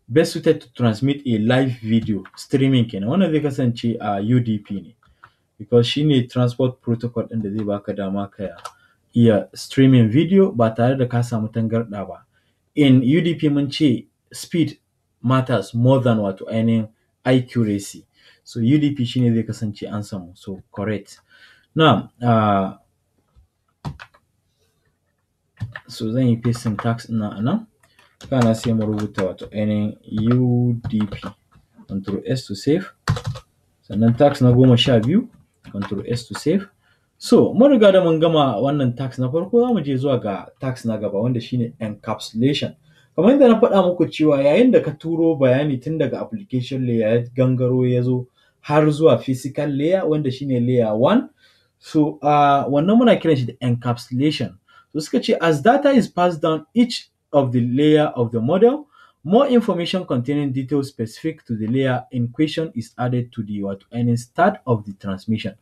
best suited to transmit a live video streaming kenan wannan zai kasance a UDP ne because shine transport protocol ɗin da zai baka dama ka iya streaming video ba tare da ka samu tangarɗa ba. In UDP mun ce speed matters more than wato ainihin accuracy. So UDP shine zai kasance an samu. So correct. na uh, ah, so zan yi pasting tax na anan Kana sai mu rubuta wato ainihin UDP. Control S to save. Sannan tax na goma sha biyu. Control S to save. So, mun riga da mun gama wannan tax na farko za mu je zuwa ga tax na gaba wanda shine encapsulation. Kamar yadda na faɗa muku cewa yayin da ka turo bayani tun daga application layer ya gangaro ya zo har zuwa physical layer wanda shine layer 1. So, uh, wannan muna kiran shi da encapsulation. So, suka ce as data is passed down each of the layer of the model, more information containing details specific to the layer in question is added to the what, and start of the transmission.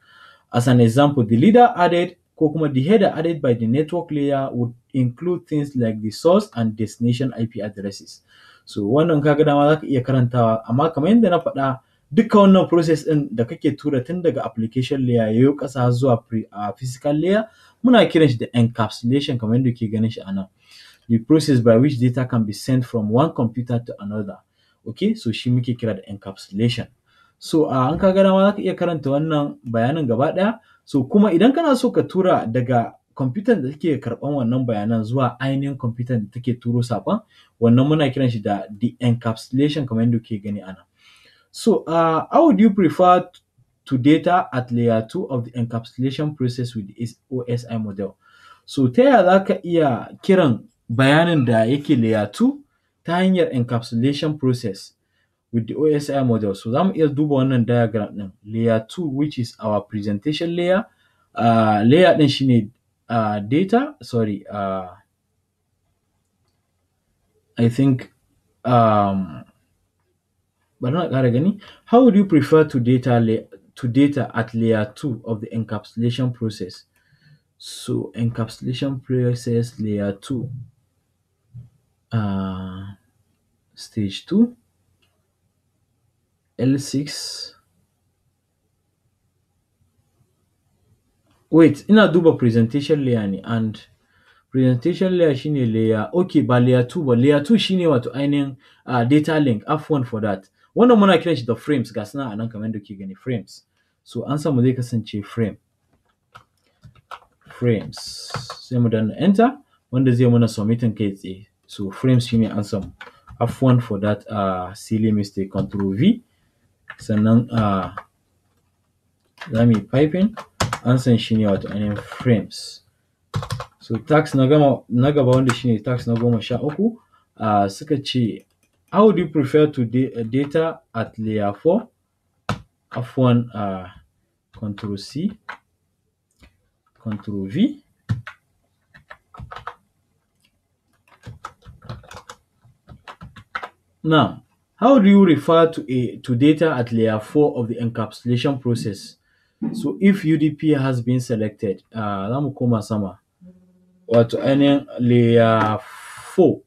As an example, the leader added ko kuma the header added by the network layer would include things like the source and destination IP addresses. So wannan kaga dama za ka iya karantawa amma kamar yadda na faɗa duka wannan process ɗin da kake tura tun daga application layer yayo ƙasa zuwa physical layer muna kiran shi da encapsulation kamar yadda ke ganin shi a nan. The process by which data can be sent from one computer to another. Okay, so shi muke kira da encapsulation. So a an ka gana ma za ka iya karanta wannan bayanin gaba ɗaya. So kuma idan kana so ka tura daga kwamfutan da take karɓan wannan bayanan zuwa ainihin kwamfutan da take turo saƙon wannan muna kiran shi da the encapsulation kamar yadda kuke gani ana. So uh, how would you prefer to data at layer 2 of the encapsulation process with the OSI model? So ta yaya za ka iya kiran bayanin da yake layer 2 ta hanyar encapsulation process with the OSI model. So za mu iya duba wannan diagram now. layer 2 which is our presentation layer. Uh, layer she need uh, data, sorry, uh, I think um, but not How would you prefer to data to data at layer two of the encapsulation process? So encapsulation process layer two, uh, stage two. L6. Wait, ina duba presentation layer ne and presentation layer shine layer, okay ba layer 2 ba, layer 2 shine wato ainihin uh, data link, F1 for that. Wannan muna kiran shi da frames, ga suna a nan kamar da ke gani frames. So an samu zai kasance frame. Frames, sai mu danna enter, wanda zai muna submitting kai tsaye. So frames shine an samu. F1 for that uh, silly mistake, control V. sannan a za mu yi piping ansan shi ne wato ainihin frames so tax na gama na gaba wanda ne tax na goma sha uku uh, suka ce how do you prefer to data at layer 4 f1 uh, control c control v now How do you refer to a to data at layer four of the encapsulation process? So if UDP has been selected, uh, koma sama. Wato ainihin layer four.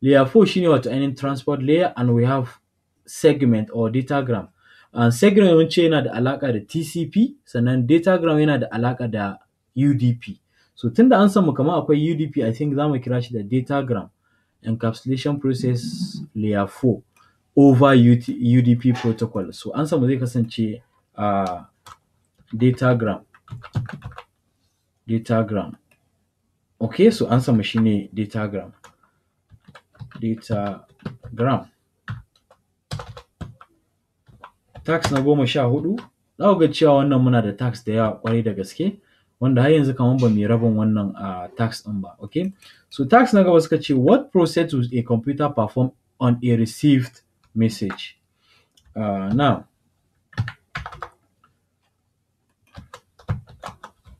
Layer 4 shine wato any transport layer and we have segment or datagram. And segment yawanci yana da alaka da TCP, sannan datagram yana da alaka da UDP. So tunda an samu kamar akwai UDP, I think za mu kira shi da datagram encapsulation process layer four. over UDP protocol. So answer mu zai kasance a datagram. Datagram. Okay, so answer mu shine datagram. Datagram. Tax na goma sha hudu. Za ga cewa wannan muna da tax da yawa kwarai da gaske. wanda har yanzu kamar ba mai rabin wannan uh, tax ɗin ba okay so tax na gaba suka ce what process would a computer perform on a received message. Uh, now,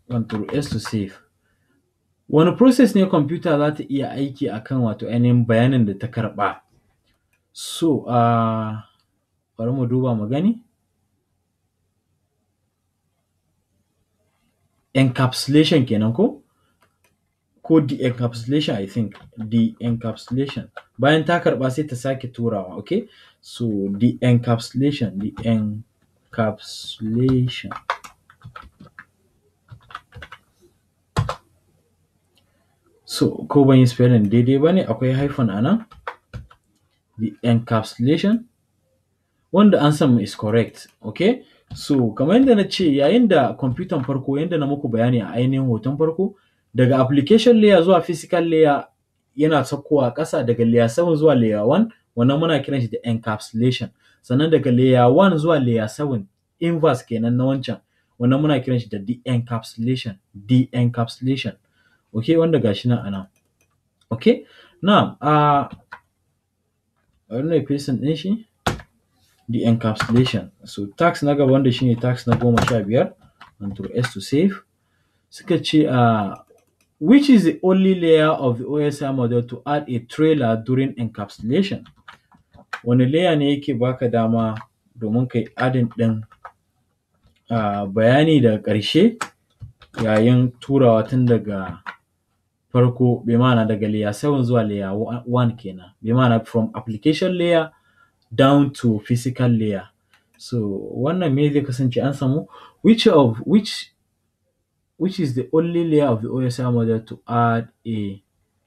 control S to save. Wani process ne computer za ta iya aiki a kan wato ainihin bayanin da ta karɓa? So, uh, bari mu duba mu gani. Encapsulation kenan ko? ko the encapsulation I think the encapsulation bayan ta karba sai ta sake turawa okay so the encapsulation the encapsulation so ko ban yi spelling daidai ba ne akwai hyphen a nan the encapsulation wanda answer mu is correct okay so kamar yadda na ce yayin da kwamfutan farko yadda na muku bayani a ainihin hoton farko Daga application layer zuwa physical layer yana saukowa ƙasa daga layer 7 zuwa layer 1 wannan muna kiran shi da encapsulation. Sannan daga layer 1 zuwa layer 7 inverse kenan na wancan wannan muna kiran shi da de-encapsulation de-encapsulation okay wanda gashi nan anan okay now a wannan facing din shi de-encapsulation so tax na gaba wanda shine tax na goma sha biyar control s to save suka ce a which is the only layer of the OSI model to add a trailer during encapsulation. Wani layer ne yake baka dama domin kai adin ɗin bayani daga ƙarshe yayin turawa tun daga farko bi ma'ana daga layer 7 zuwa layer 1 kenan bi ma'ana from application layer down to physical layer so wannan me zai kasance an samu which of which which is the only layer of the OSI model to add a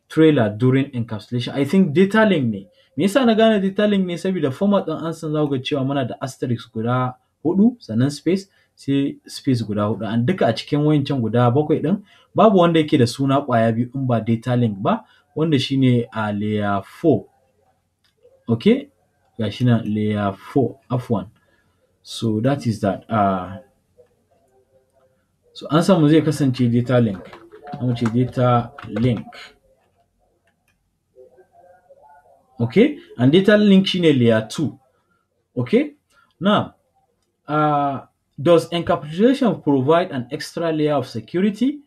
trailer during encapsulation. I think data link ne. Me yasa na gane data link ne saboda format ɗin ansan za ga cewa muna da asterisk guda hudu sannan space sai space guda hudu an duka a cikin wayancan guda bakwai ɗin babu wanda yake da suna kwaya biyu in ba data ba wanda shine a layer 4. Okay? Gashi na layer 4 F1. So that is that. Ah, so an samu zai kasance data link mu ce data link okay and data link shine layer 2 okay now uh, does encapsulation provide an extra layer of security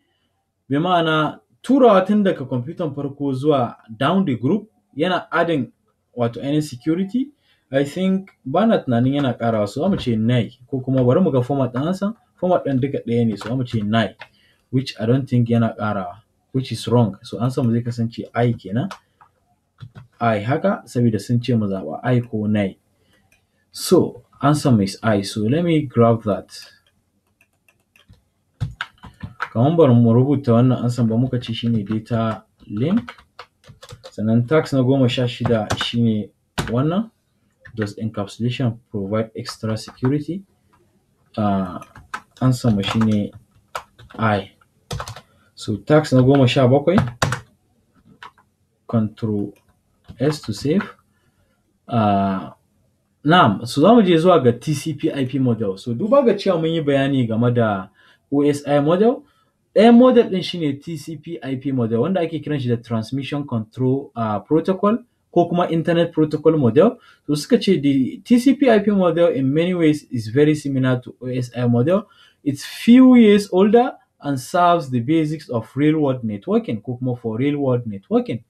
bi ma'ana turawa tun daga kwamfutan farko zuwa down the group yana adin wato any security i think ba na tunanin yana ƙarawa su mu nai ko kuma bari mu ga format ansa. Kuma ɗin duka ɗaya ne so za mu ce nine which I don't think yana ƙarawa which is wrong so answer mu zai kasance I kenan I haka saboda sun ce mu zaɓa I ko nine so answer mu is I so let me grab that kamar bari mu rubuta wannan ansan ba muka ce shine data link sannan tax na goma sha shida shine wannan does encapsulation provide extra security uh, ansa mu shine I. So tax na goma sha bakwai control S to save. Uh, na'am, so za mu je zuwa ga TCP IP model. So duba ga cewa mun yi bayani game da OSI model. Ɗayan model ɗin shine TCP IP model wanda ake kiran shi da Transmission Control uh, Protocol ko kuma Internet Protocol model. So suka ce the TCP IP model in many ways is very similar to OSI model It's few years older and serves the basics of real world networking ko kuma for real world networking.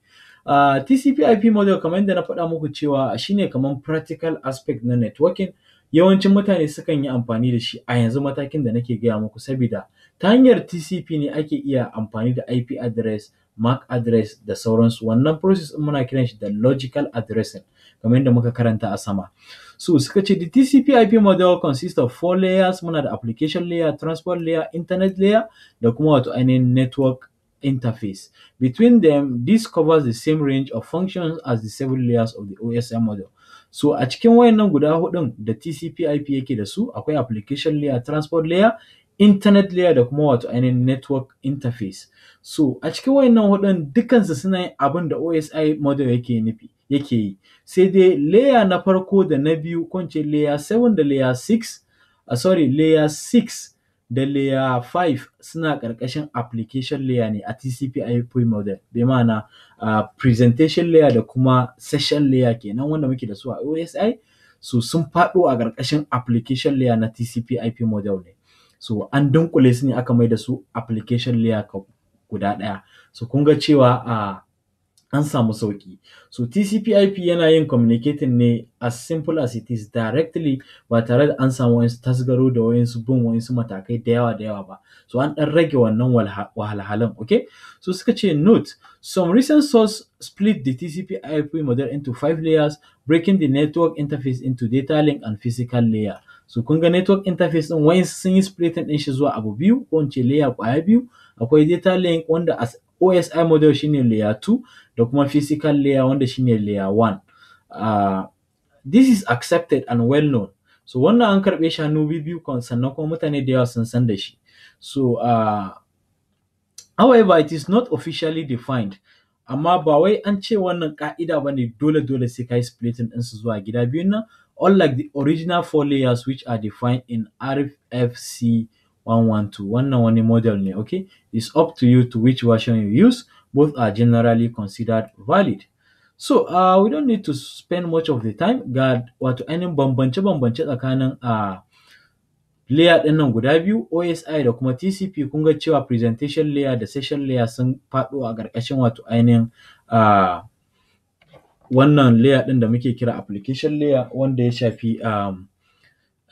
Uh, TCP IP model kamar da na faɗa muku cewa shine kamar practical aspect na networking yawancin mutane sukan yi amfani da shi a yanzu matakin da nake gaya muku saboda ta hanyar TCP ne ake iya amfani da IP address, MAC address da sauransu. Wannan process muna kiran shi da logical addressing kamar yadda muka karanta a sama. So suka ce the TCP/IP model consists of four layers muna da application layer, transport layer, internet layer da kuma wato ainihin network interface. Between them, this covers the same range of functions as the seven layers of the OSM model. So a cikin wayannan guda hudun da TCP/IP yake da su akwai application layer, transport layer, internet layer da kuma wato ainihin network interface. So a cikin wayannan hudun dukansu suna yin abin da OSI model yake nufi. yake yi. Sai dai layer na farko da na biyu ko ce layer 7 da layer 6 a ah, sorry layer 6 da layer 5 suna ƙarƙashin application layer ne a TCP IP model bi ma'ana uh, presentation layer da kuma session layer kenan wanda muke da su a OSI so sun faɗo a ƙarƙashin application layer na TCP IP model ne. So an dunkule su ne aka mai da su application layer guda ɗaya. So kun ga cewa a uh, an samu sauki, So TCP yana yin communicating ne as simple as it is directly ba tare da an samu wani tasgaro da su bin su matakai da yawa da yawa ba. So an ɗan rage wannan wahalhalan, okay? So suka ce note, some recent source split the TCP IP model into five layers, breaking the network interface into data link and physical layer. So kun ga network interface ɗin wani sun yi splitting in shi zuwa abu biyu ko in ce layer ƙwaya biyu, akwai data link wanda as OSI model shine layer 2 Document kuma physical layer wanda shine layer 1 uh, this is accepted and well known so wannan an karɓe shi hannu biyu sannan kuma mutane da yawa sun san da shi so uh, however it is not officially defined amma ba wai an ce wannan ka'ida ba ne dole dole sai zuwa gida biyun nan unlike the original four layers which are defined in rfc 112 wannan wani model ne okay it's up to you to which version you use Both are generally considered valid. So, uh, we don't need to spend much of the time ga wato ainihin bambance-bambance tsakanin a uh, layer ɗin nan guda biyu OSI da kuma TCP kun ga cewa presentation layer da session layer sun faɗo a ƙarƙashin wato ainihin uh, wannan layer ɗin da muke kira application layer wanda ya shafi um,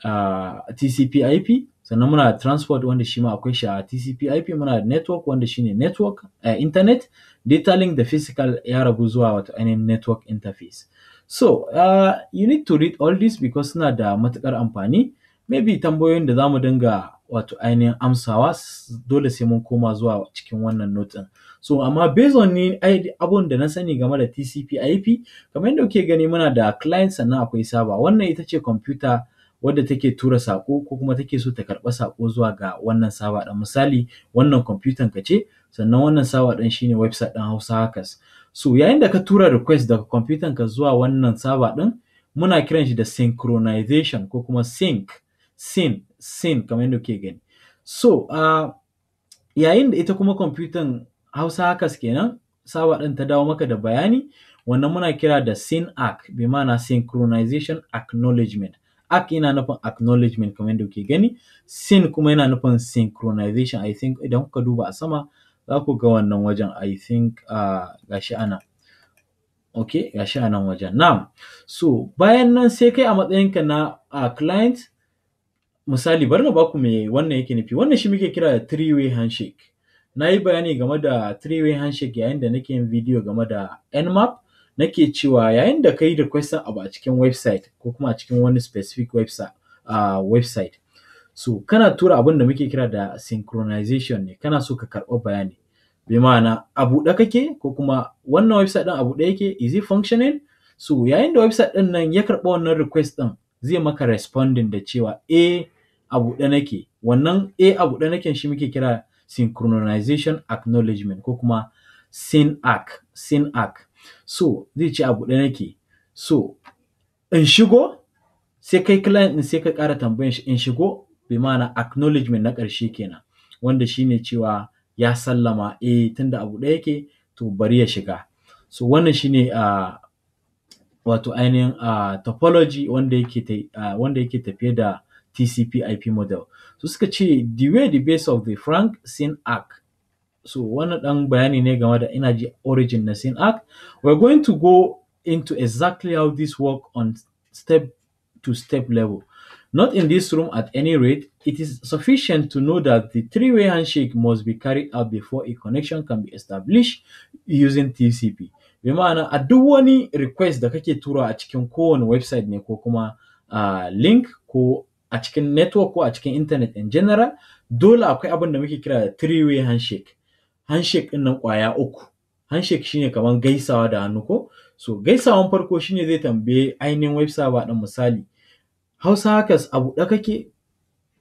uh, TCP IP sannan muna da transport wanda shi ma akwai shi a tcp ip muna da network wanda shi ne network a uh, eh, internet data link da physical ya rabu zuwa wato ainihin network interface so uh, you need to read all this because suna da matukar amfani maybe tambayoyin da zamu dinga wato ainihin amsawa dole sai mun koma zuwa cikin wannan notin so amma based on ni abun da na sani game da tcp ip kamar yadda kuke gani muna da client sannan akwai saba wannan ita ce computer wadda take tura sako ko kuma take so ta karɓa sako zuwa ga wannan sawa ɗin misali wannan kwamfutan ka ce sannan wannan sawa ɗin shine website ɗin Hausa Hackers so yayin da ka tura request daga kwamfutan ka zuwa wannan sawa ɗin muna kiran shi da synchronization ko kuma sync sin sin kamar yadda kuke gani so yayin da ita kuma kwamfutan Hausa Hackers kenan sawa ɗin ta dawo maka da bayani wannan muna kira da act bi ma'ana synchronization acknowledgement Ak yana nufin acknowledgement kamar yadda kuke gani. Sin kuma yana nufin synchronization. I think idan kuka duba a sama za ku ga wannan wajen. I think uh, gashi ana Ok, gashi a wajen. Now, so bayan nan sai kai a matsayinka na uh, client misali bari na baku mai wannan yake nufi. Wannan shi muke kira da three-way handshake. Na yi bayani game da three-way handshake yayin da nake yin bidiyo game da Nmap. nake cewa yayin da kai yi abu a cikin website ko kuma a cikin wani specific website, uh, So kana tura abin da muke kira da synchronization ne kana so ka karɓa bayani. Bi ma'ana abu buɗe kake ko kuma wannan website ɗin abu buɗe yake is it functioning? So yayin da website ɗin nan ya karɓa wannan request ɗin zai maka responding da cewa eh, A abu buɗe nake wannan eh, a abu da nake shi muke kira synchronization acknowledgement ko kuma synac synac so zai ce abu buɗe nake so in shigo sai kai client din sai ka ƙara tambayan shi in shigo bi ma'ana acknowledgement na ƙarshe kenan wanda shine cewa ya sallama eh tunda abu ɗaya yake to bari ya shiga so wannan shine a ah, wato ainihin ah, topology wanda yake ah, wanda yake tafiye da TCP/IP model so suka ce the way the base of the Frank Sin arc So wannan ɗan bayani ne game da Energy origin na sin act. We're going to go into exactly how this work on step to step level. Not in this room at any rate, it is sufficient to know that the three-way handshake must be carried out before a connection can be established using TCP. Bi ma'ana a duk wani request da kake tura a cikin kowane website ne ko kuma uh, link ko a cikin network ko a cikin internet in general, dole akwai abin da muke kira da three-way handshake. Hanshek ɗin nan ƙwaya uku handshake shine kamar gaisawa da hannu ko so gaisawan farko shine zai tambaye ainihin web server ɗin misali hausa haka a buɗe kake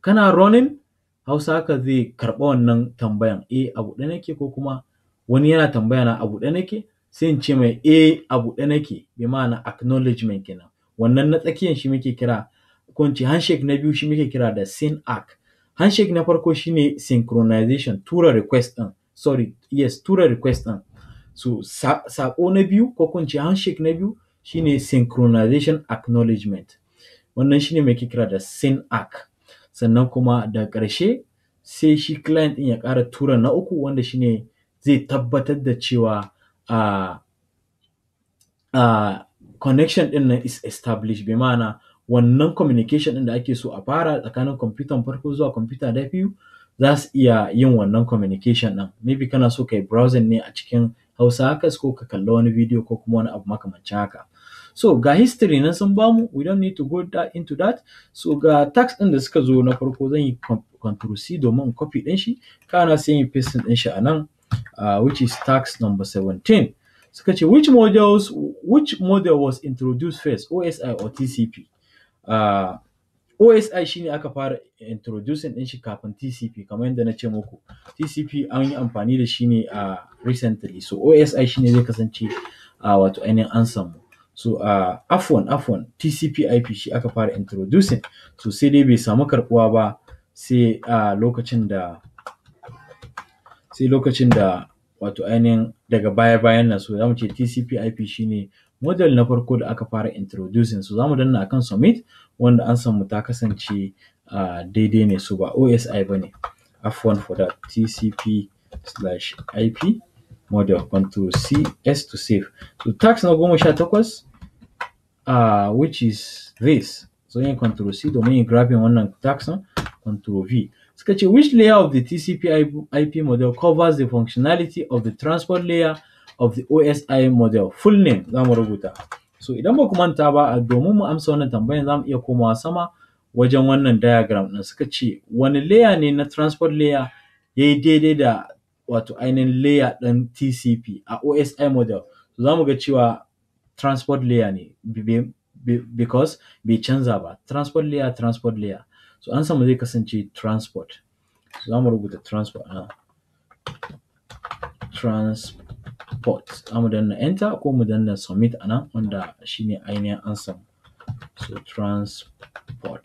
kana running hausa haka zai karɓa wannan tambayan eh a buɗe nake ko kuma wani yana tambaya na a buɗe nake sai in ce mai eh a buɗe nake bi ma'ana acknowledgement kenan wannan na tsakiyan shi muke kira ko in ce handshake na biyu shi muke kira da syn arc handshake na farko shine synchronization tura request ɗin sorry yes tura request ɗin ah. so na biyu ko kun ce handshake na biyu shine synchronization acknowledgement wannan shine mai kira da sin synac sannan kuma da ƙarshe sai shi client ɗin ya ƙara tura na uku wanda shine zai tabbatar da cewa a connection ɗin nan is established bi ma'ana wannan communication ɗin da ake so a fara tsakanin kwamfutan farko zuwa computer da biyu za su iya yin wannan communication ɗin maybe kana so kai browsing ne a cikin Hausa haka ko ka kalla wani video ko kuma wani abu makamancin haka. So ga history nan sun bamu we don't need to go that into that. So ga tax ɗin da suka zo na farko zan yi control C domin copy ɗin shi kana sai yin paste ɗin shi a nan uh, which is tax number 17. Suka ce which models which model was introduced first OSI or TCP. Uh, OSI shine aka fara introducing ɗin shi kafin TCP kamar yadda na ce muku TCP an yi amfani da shi ne a recently so OSI shine zai kasance a wato ainihin an samu so a afon afon TCP IP shi aka fara introducing so sai dai bai samu karbuwa ba sai a lokacin da sai lokacin da wato ainihin daga baya bayan nan so zamu ce TCP IP shine model na farko da aka fara introducing so zamu danna akan submit wanda an samu ta kasance a daidai ne su ba osi ba ne 1 for that tcp slash ip model control c s to save so tax na goma sha takwas uh, which is this so yin control c domin yin grabbing wannan tax na control v suka ce which layer of the tcp ip model covers the functionality of the transport layer of the osi model full name za mu rubuta so idan ba ku manta ba domin mu amsa wannan tambayan za mu iya komawa sama wajen wannan diagram ɗin suka ce wani layer ne na transport layer ya yi daidai da wato ainihin layer ɗan TCP a OSI model za mu ga cewa transport layer ne because bai canza ba transport layer transport layer so an samu zai kasance transport za mu rubuta transport ha. Ah, transport za danna enter ko mu danna submit a nan wanda shine ainihin an so transport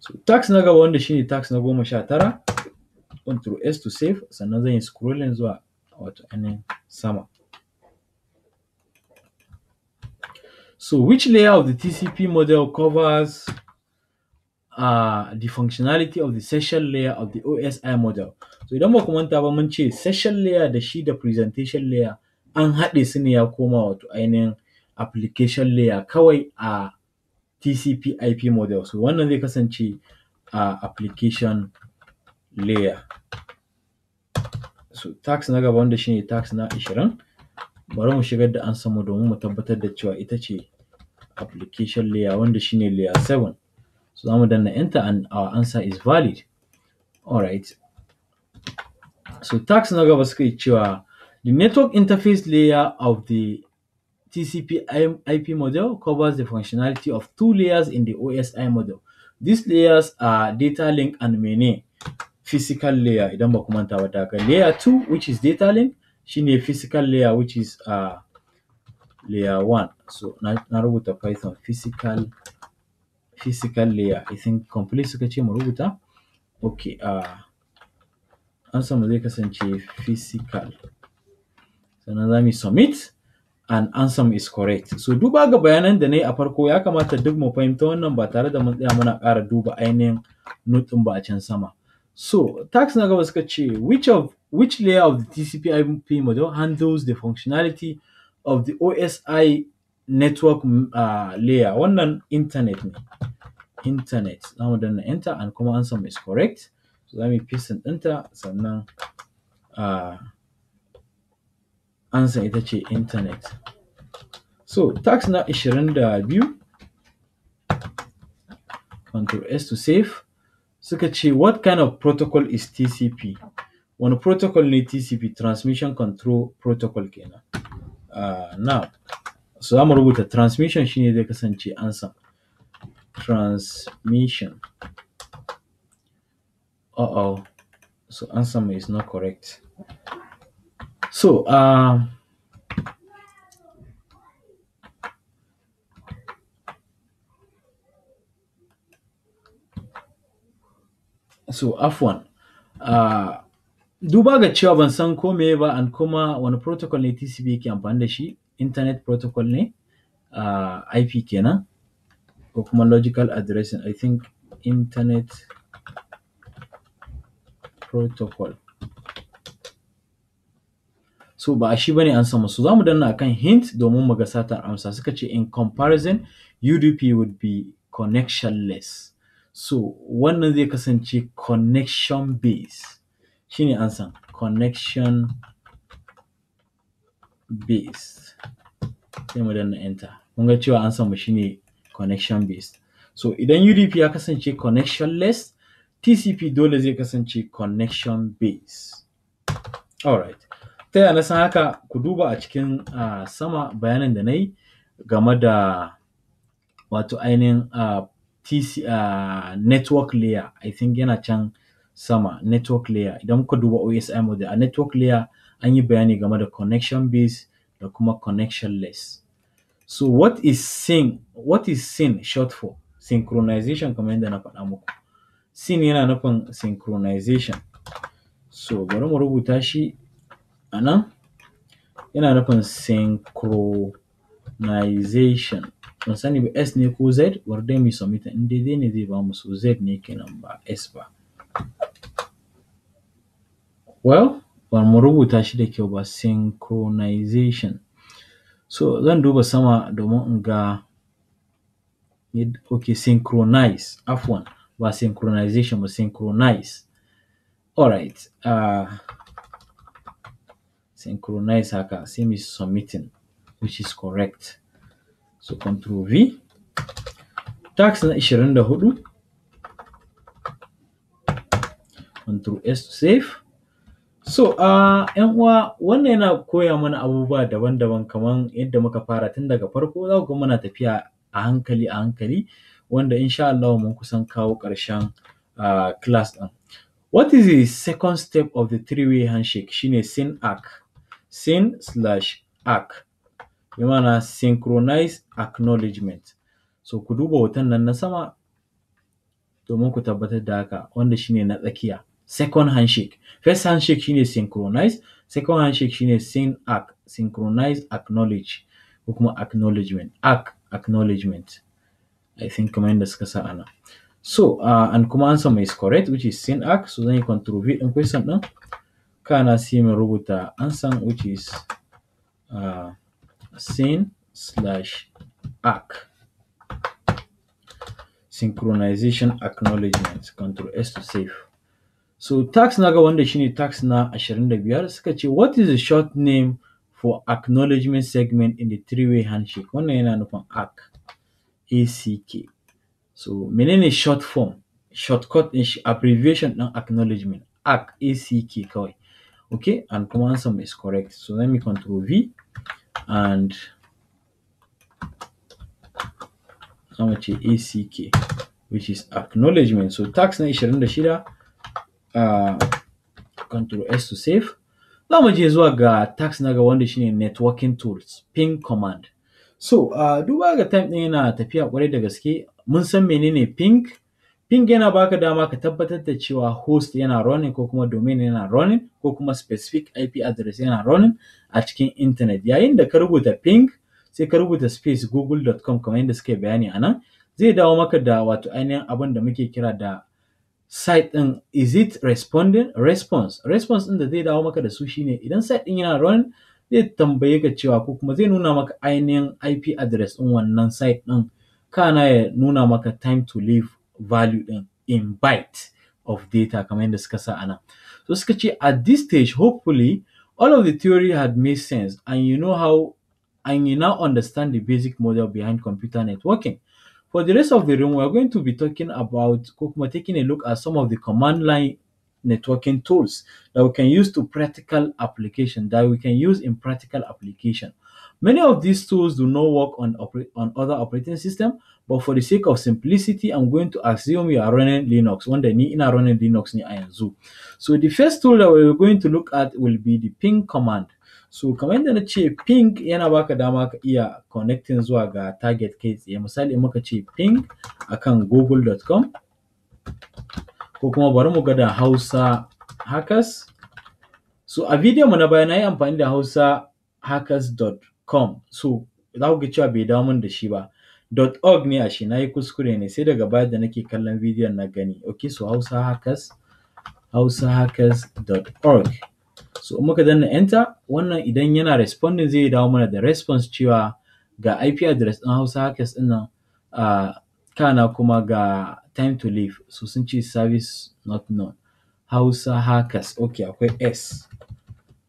so tax na gaba wanda shine tax na goma sha on through s to save sannan zan yi scrolling zuwa wato ainihin sama So which layer of the TCP model covers uh, the functionality of the session layer of the OSI model? So idan ba ku manta ba mun ce session layer da shi da presentation layer an haɗe su ne ya koma wato ainihin application layer kawai a TCP IP model. So wannan zai kasance a application layer. So tax na gaba wanda shine tax na 20 bari mu shigar da an samu domin mu tabbatar da cewa ita ce application layer wanda shine layer 7. So zamu danna enter and our answer is valid. all right So tax na gaba suka yi cewa the network interface layer of the TCP IP model covers the functionality of two layers in the OSI model. These layers are data link and mene physical layer idan ba kuma manta ba ta Layer 2 which is data link shine physical layer which is uh, layer 1. So na, na rubuta Python physical physical layer. I think complete suka ce mu rubuta. Okay, uh, ah, answer mu zai kasance physical. Sannan so, za mu submit. an answer is correct. So duba ga bayanan da na yi a farko ya kamata duk mu fahimta wannan ba tare da mun tsaya muna ƙara duba ainihin nutsin ba a can sama. So tax na gaba suka ce which of which layer of the TCP IP model handles the functionality of the OSI network uh, layer wannan internet ne internet za mu danna enter and kuma answer is correct so za mu yi ɗinta sannan uh, ansa ita ce internet. So tax na ishirin da biyu control S to save suka ce what kind of protocol is TCP? Wani protocol ne TCP transmission control protocol kenan. Uh, now so za mu rubuta transmission shine zai kasance ansa. Transmission. Uh oh. So answer is not correct. So, um, so afwan uh, duba ga cewa ban san ko me ba and kuma wani protocol ne tcp yake amfani da shi internet protocol ne uh, ip kenan ko kuma logical addressing i think internet protocol So ba a shi bane an samu. So za mu danna akan hint domin mu ga satar amsa. Suka ce in comparison UDP would be connectionless. So wannan zai kasance connection base. Shine ansan connection based. Sai mu danna enter. Mun ga cewa ansan mu shine connection based. So idan UDP ya kasance connectionless, TCP dole zai kasance connection based. All right. ta yana san haka ku duba a cikin uh, sama bayanin da na yi game da wato ainihin uh, TC, uh, network layer I think yana can sama network layer idan muka duba OSI model a network layer an yi bayani game da connection base da kuma connectionless so what is sync what is short for synchronization kamar yadda na faɗa muku sin yana nufin synchronization so bari mu rubuta shi a yana nufin synchronization ban sani ba S ne ko Z bari dai mu submit in daidai ne zai ba mu su Z ne kenan ba S ba well ba mu rubuta shi da kyau ba synchronization so zan duba sama domin in ga okay synchronize afwan ba synchronization ba synchronize alright uh, synchronize haka sai mu submitting which is correct so control v tax na 24 control s to save so uh, yan uwa wannan yana koya mana abubuwa daban-daban kaman yadda muka fara tun daga farko za ku ga muna tafiya a hankali a hankali wanda insha Allah mun kusan kawo ƙarshen uh, class ɗin. What is the second step of the three-way handshake? Shine arc. Syn slash ac ya mana synchronize acknowledgement. So ku duba hoton nan na sama domin ku tabbatar da haka wanda shine na tsakiya. Second handshake. First handshake shine synchronize, second handshake shine syn ac, synchronize acknowledge ko kuma acknowledgement. Ac acknowledgement. I think kamar yadda suka sa ana. So, uh, and kuma answer is correct, which is syn ac. So, zan yi control V in question ɗin. kana sai mu rubuta ansan which is uh, sin slash arc. Synchronization acknowledgement control S to save. So tax naga wanda shine tax na 25 suka ce what is the short name for acknowledgement segment in the three-way handshake? Wannan yana nufin ARC, ACK. So menene short form? Shortcut din abbreviation din acknowledgement. ACK ACK kawai. okay and command sum is correct so let me control v and how much ce ack which is acknowledgement so tax na shida uh, control s to save za mu je zuwa ga tax na ga wanda shine networking tools ping command so uh, duba ga time ɗin yana tafiya kwarai da gaske mun san menene ping Ping yana baka dama ka tabbatar da cewa host yana running ko kuma domain yana running ko kuma specific IP address yana running a cikin internet. Yayin da ka rubuta ping sai ka rubuta space google.com kamar yadda suke bayani a nan zai dawo maka da wato ainihin abin da muke kira da site ɗin is it responding response response ɗin da zai dawo maka da su shine idan site ɗin yana running zai tambaye ka cewa ko kuma zai nuna maka ainihin IP address ɗin wannan site ɗin kana ya nuna maka time to leave value din in byte of data kamar yadda suka sa so suka ce at this stage hopefully all of the theory had made sense and you know how and you now understand the basic model behind computer networking for the rest of the room we're going to be talking about kokuma taking a look at some of the command line networking tools that we can use to practical application that we can use in practical application many of these tools do not work on on other operating system But for the sake of simplicity, I'm going to assume you are running Linux. Wanda ni ina running Linux ne a yanzu. So the first tool that we're going to look at will be the ping command. So kamar yadda na ce ping yana baka dama ka iya connecting zuwa ga target kai tsaye. Misali muka ce ping akan google.com ko kuma bari mu gada da Hausa hackers. So a video mu na baya na yi amfani da Hausa hackers.com. So za ku ga cewa bai dawo min da shi ba. .org ne a shi na yi kuskure ne sai daga baya da nake kallon bidiyon na gani ok so hausa hackers hausa so muka danna enter wannan idan yana responding zai dawo mana da response cewa ga ip address ɗin hausa hackers ɗin nan uh, kana kuma ga time to leave so sun ce service not known hausa hackers ok akwai s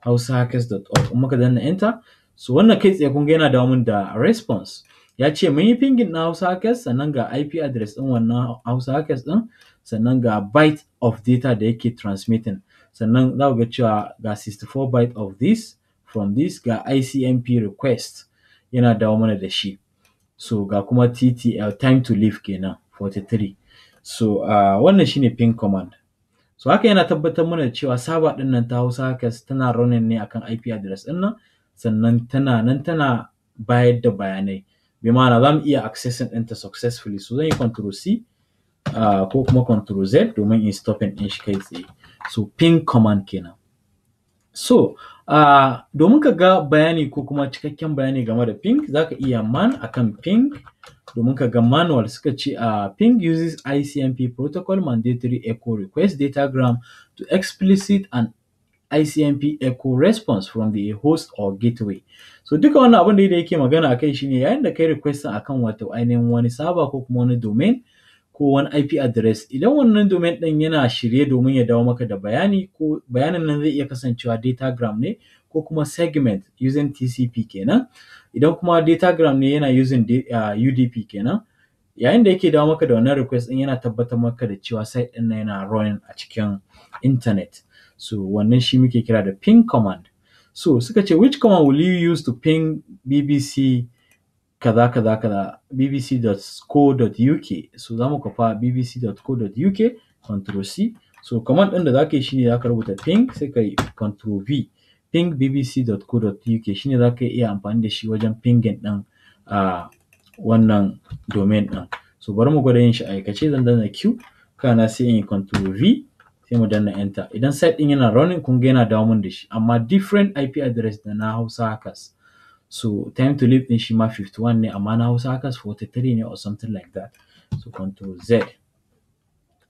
hausa hackers.org muka danna enter so wannan kai tsaye kun ga yana dawo mana da response ya ce mun yi pingin na Hausa hackers sannan ga IP address din wannan Hausa hackers ɗin sannan ga byte of data da yake transmitting sannan za ga cewa ga 64 byte of this from this ga ICMP request yana dawo mana da shi so ga kuma TTL time to leave kenan 43 so uh, wannan shine ping command so haka yana tabbatar mana cewa saba din nan ta Hausa hackers tana running ne akan IP address din nan sannan tana nan tana bayar da bayanai bi ma'ana za mu iya accessing ɗinta successfully so zan yi control c uh, ko kuma control z domin in stop and shi kai tsaye so ping command kenan so uh, domin ka ga bayani ko kuma cikakken bayani game da ping za ka iya man akan ping domin ka ga manual suka ce uh, ping uses icmp protocol mandatory echo request datagram to explicit and ICMP echo response from the host or gateway. So duka wannan abin da yake magana akai shine yayin da kai request akan wato ainihin wani saba ko kuma wani domain ko wani IP address idan wannan domain ɗin yana shirye domin ya dawo maka da bayani ko bayanin nan zai iya kasancewa datagram ne ko kuma segment using TCP kenan idan kuma datagram ne yana using UDP kenan yayin da yake dawo maka da wannan request ɗin yana tabbatar maka da cewa site ɗin yana running a cikin internet So wannan shi muke kira da ping command. So suka ce which command will you use to ping bbc kaza kaza kaza bbc.co.uk so za mu kafa bbc.co.uk control c so command ɗin da za ka yi shine za ka rubuta ping sai ka yi control v ping bbc.co.uk shine za ka iya amfani da shi wajen pingin ɗin a wannan domain ɗin so bari mu gwada yin shi aikace zan danna q kana sai in yi control v sai mu danna enter idan site din yana running kun ga yana dawo mun da shi amma different IP address da na Hausa hackers so time to leave din shi ma 51 ne amma na Hausa hackers 43 ne or something like that so control Z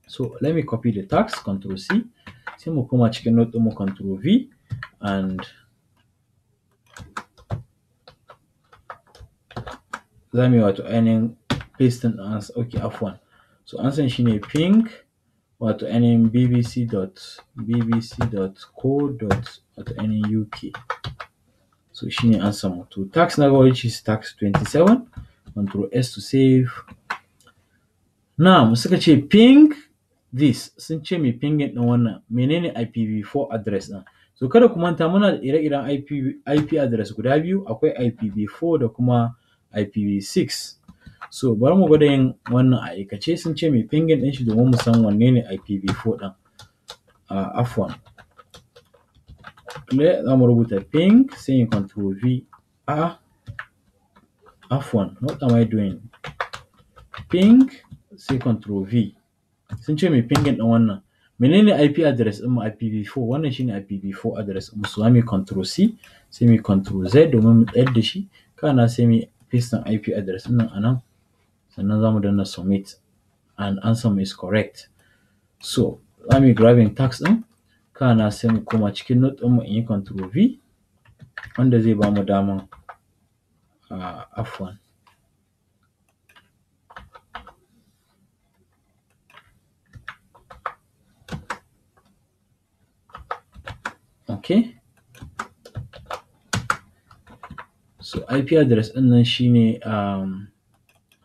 so let me copy the tags control C sai mu koma cikin note din mu control V and za wato ainihin pasting ɗin okay afwan so ansan shine pink wato ainihin uk So shi ne an samu to tax na gaba which is tax 27 control S to save. Now suka ce ping this sun ce mai pingin ɗin wannan menene IPv4 address na So kada ku manta muna da ire-iren IP, IP address guda biyu akwai IPv4 da kuma IPv6. So bari mu gwada yin wannan a aikace sun ce mai pingin ɗin shi domin mu san wanne ne IPv4 ɗin. Uh, afwan. Le za mu rubuta ping sai yin control V a afwan what am I doing? Ping sai control V. Sun ce mai pingin ɗin wannan. Menene IP address ɗin mu IPv4? Wannan shine IPv4 address ɗin mu su mai control C sai mai control Z domin mu tsayar da shi kana sai mai paste IP address ɗin nan a nan. sannan za mu danna submit and answer is correct so za mu yi grabbing tax ɗin kana sai mu koma cikin note ɗinmu in yi control v wanda zai ba mu daman afwan okay so ip address ɗin nan shine um,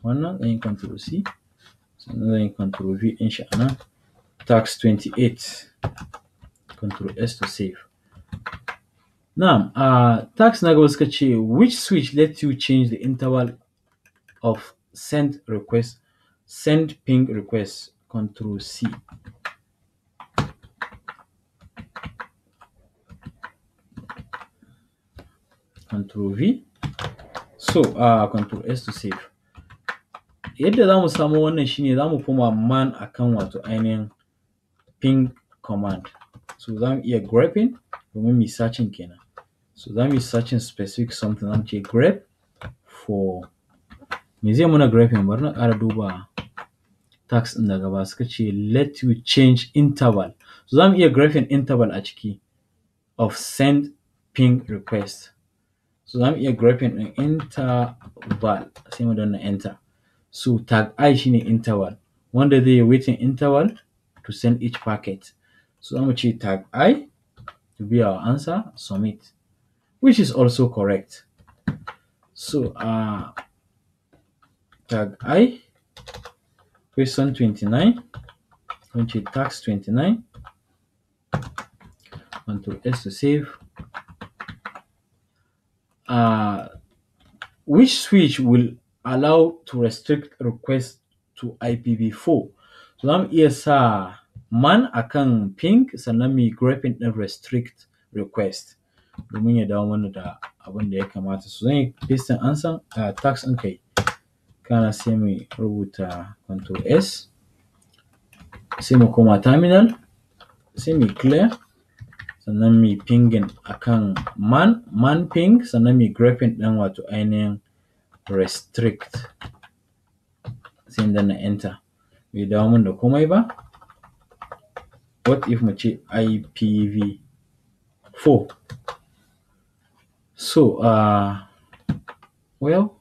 wannan zan yi control C sannan zan yi control V ɗin shi tax 28 control S to save Now, uh, tax na gaba suka ce which switch lets you change the interval of send request send ping request control C control V so uh, control S to save Yadda za mu samo wannan shi ne za mu koma man a kan wato ainihin ping command. So za mu iya grabbing domin mu yi searching kenan. So za mu yi searching specific something za mu ce grab for me zai muna grabbing bari na ƙara duba tax ɗin daga ba suka ce let you change interval. So za mu iya grabbing interval a ciki of send ping request. So za mu iya grabbing ɗin interval sai mu danna enter. So tag i shine interval One day yi waiting interval to send each packet. So I'm going to tag i to be our answer, submit, which is also correct. So uh, tag i question 29 which tax 29 and s to save uh, which switch will allow to restrict request to IPv4. So za mu iya sa man akan ping sannan mu grepin din restrict request domin ya dawo mana da abin da ya kamata. So zan yi pasting answer a tax ɗin kai. Kana sai mu rubuta control S sai mu koma terminal sai mu clear sannan mu pingin akan man man ping sannan mu ɗin din wato ainihin restrict Then danna enter We dawo the da ba what if mu IPv4 so uh, well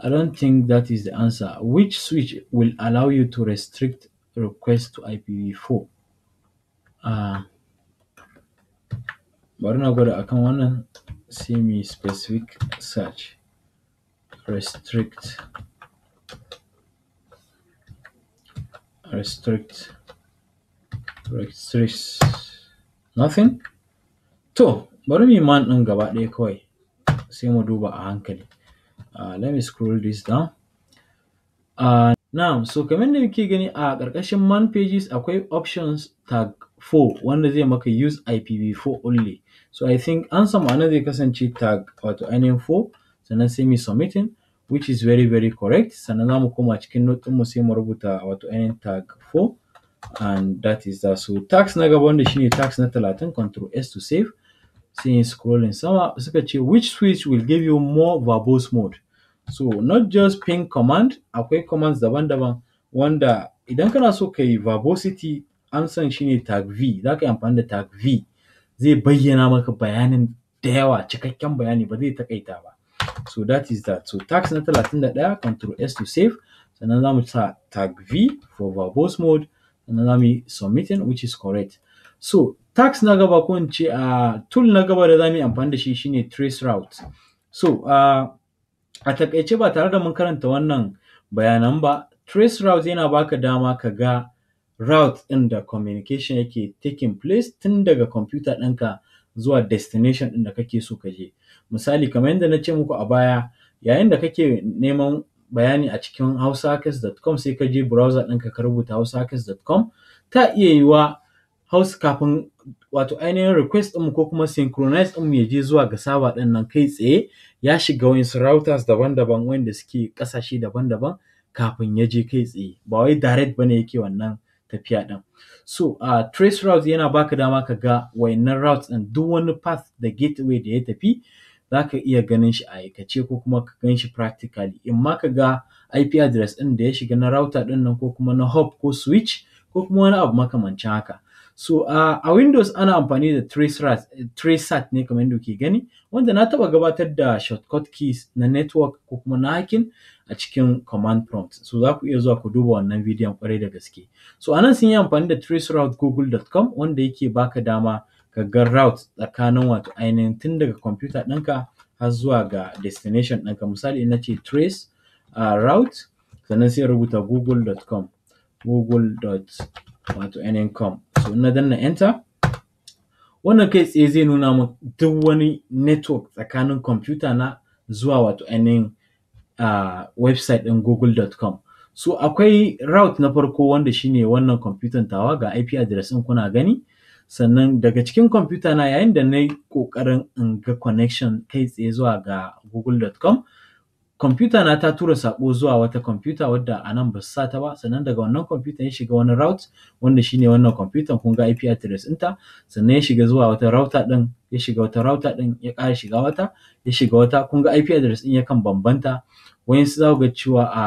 I don't think that is the answer which switch will allow you to restrict request to IPv4 uh, to account one and see me specific search restrict restrict restricts nothing to bari mu man din gaba ɗaya kawai sai mu duba a hankali uh, let me scroll this down uh, now so kamar da muke gani a ƙarƙashin man pages akwai options tag 4 wanda zai maka use IPv4 only so I think an samu zai kasance tag wato ainihin 4 sannan sai mu submitting which is very very correct sannan za mu koma cikin note sai mu rubuta wato ainihin tag 4 and that is that so tax na gaba wanda shine tax na 30 control s to save sai scrolling sama suka ce which switch will give you more verbose mode so not just ping command akwai commands daban-daban wanda idan kana so ka yi verbosity amsan shine tag v za ka yi amfani da tag v zai bayyana maka bayanin da yawa cikakken bayani ba zai takaita ba So that is that. So tax na 31 control S to save. Sannan za mu sa tag V for verbose mode. Sannan za mu submitting which is correct. So tax na gaba ko ce a tool na gaba da za mu amfani da shi shine trace route. So uh, a takaice ba tare da mun karanta wannan bayanan ba trace route yana baka dama ka ga route ɗin da communication yake taking place tun daga computer ɗinka zuwa destination ɗin da kake so ka je. Misali kamar yadda na ce muku a baya yayin da kake neman bayani a cikin hausahackers.com sai ka je browser ɗinka ka rubuta hausahackers.com ta iya yiwa House kafin wato ainihin request ɗinmu ko kuma synchronize ɗinmu ya je zuwa ga saba ɗin nan kai tsaye ya shiga wasu routers daban-daban wanda suke ƙasashe daban-daban kafin ya je kai tsaye ba wai direct bane yake wannan tafiya ɗin so a uh, trace route yana baka dama ka ga wayannan routes ɗin duk wani path da gateway da ya tafi za ka iya ganin shi a aikace ko kuma ka gan shi practically in ma ka ga IP address ɗin da ya shiga na router ɗin nan ko kuma na hub ko switch ko kuma wani abu makamancin haka so uh, a Windows ana amfani da trace traceat ne kamar yadda ke gani wanda na taɓa gabatar da shortcut keys na network ko kuma na hacking a cikin command prompt. So za ku iya zuwa ku duba wannan bidiyon kwarai da gaske. So anan sun yi amfani da traceroutegoogle.com wanda yake baka dama ka ga route tsakanin wato ainihin tun daga computer ɗinka har zuwa ga destination ɗinka. Misali na ce trace uh, route sannan sai rubuta google.com google wato So na danna enter wannan kai tsaye zai nuna min duk wani network tsakanin computer na zuwa wato ainihin a website ɗin google.com. So akwai route na farko wanda shine wannan computer tawa ga IP address ɗin kuna gani. Sannan daga cikin kwamfuta na yayin da na yi ƙoƙarin in ga connection kai tsaye zuwa ga google.com na ta tura sako zuwa wata kwamfuta wadda a nan ba su sa ta ba sannan daga wannan computer ya shiga wani route wanda shine wannan computer kun ga IP address ɗinta sannan ya shiga zuwa wata router ɗin ya shiga wata router ɗin ya ƙara shiga wata ya shiga wata kun ga IP address ɗin yakan bambanta wani za ku ga cewa a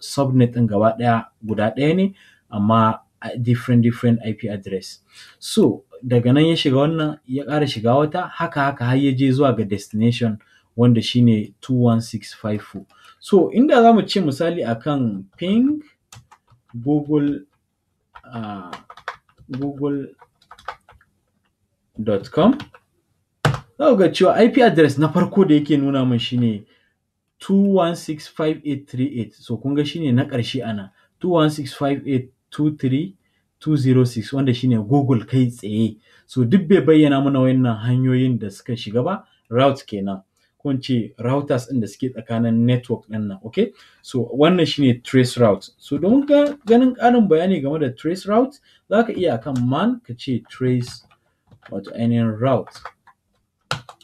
subnet ɗin gaba ɗaya guda ɗaya ne amma different different IP address so daga nan ya shiga wannan ya ƙara shiga wata haka haka har ya je zuwa ga destination wanda shine 21654 so inda zamu ce misali akan ping google uh, google.com za ga cewa ip address na farko da yake nuna min shine 2165838 so kunga ga shine na ƙarshe ana 2165823206. wanda shine google kai tsaye so duk bai bayyana mana wayannan hanyoyin da suka shiga ba route kenan ko in ce routers ɗin da suke tsakanin network ɗin nan okay so wannan shine trace route so don ga ganin ƙarin bayani game da trace route za ka iya akan man ka ce trace wato ainihin route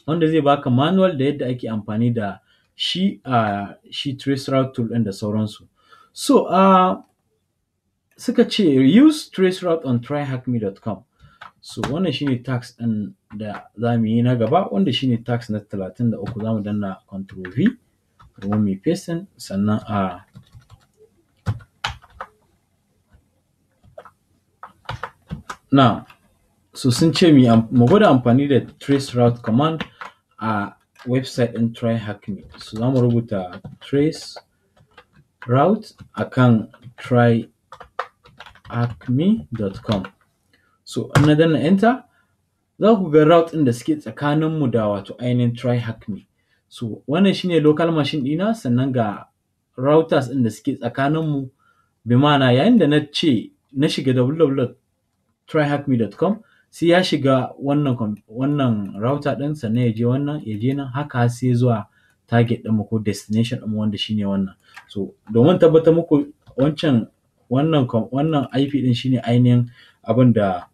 wanda zai baka manual da yadda ake amfani da shi a shi trace route tool ɗin da sauransu so uh, suka ce use trace route on tryhackme.com So wannan shine tax ɗin da za mu yi na gaba wanda shine tax na 33 za mu danna control V domin mu pasting sannan a na so sun ce mu gwada amfani da trace route command a website ɗin try hack me so za mu rubuta trace route akan tryhackme.com So in na dana enter za ku ga route ɗin da suke tsakaninmu mu da wato ainihin TryHack So wannan shine local machine ɗina sannan ga routers ɗin da suke tsakanin mu bi yayin da na ce na shiga www.tryhackme.com sai ya shiga wannan wannan router ɗin sannan ya je wannan ya je nan haka sai zuwa target ɗinmu ko destination ɗin wanda shine wannan. So domin tabbatar muku wancan wannan wannan IP ɗin shine ainihin abin da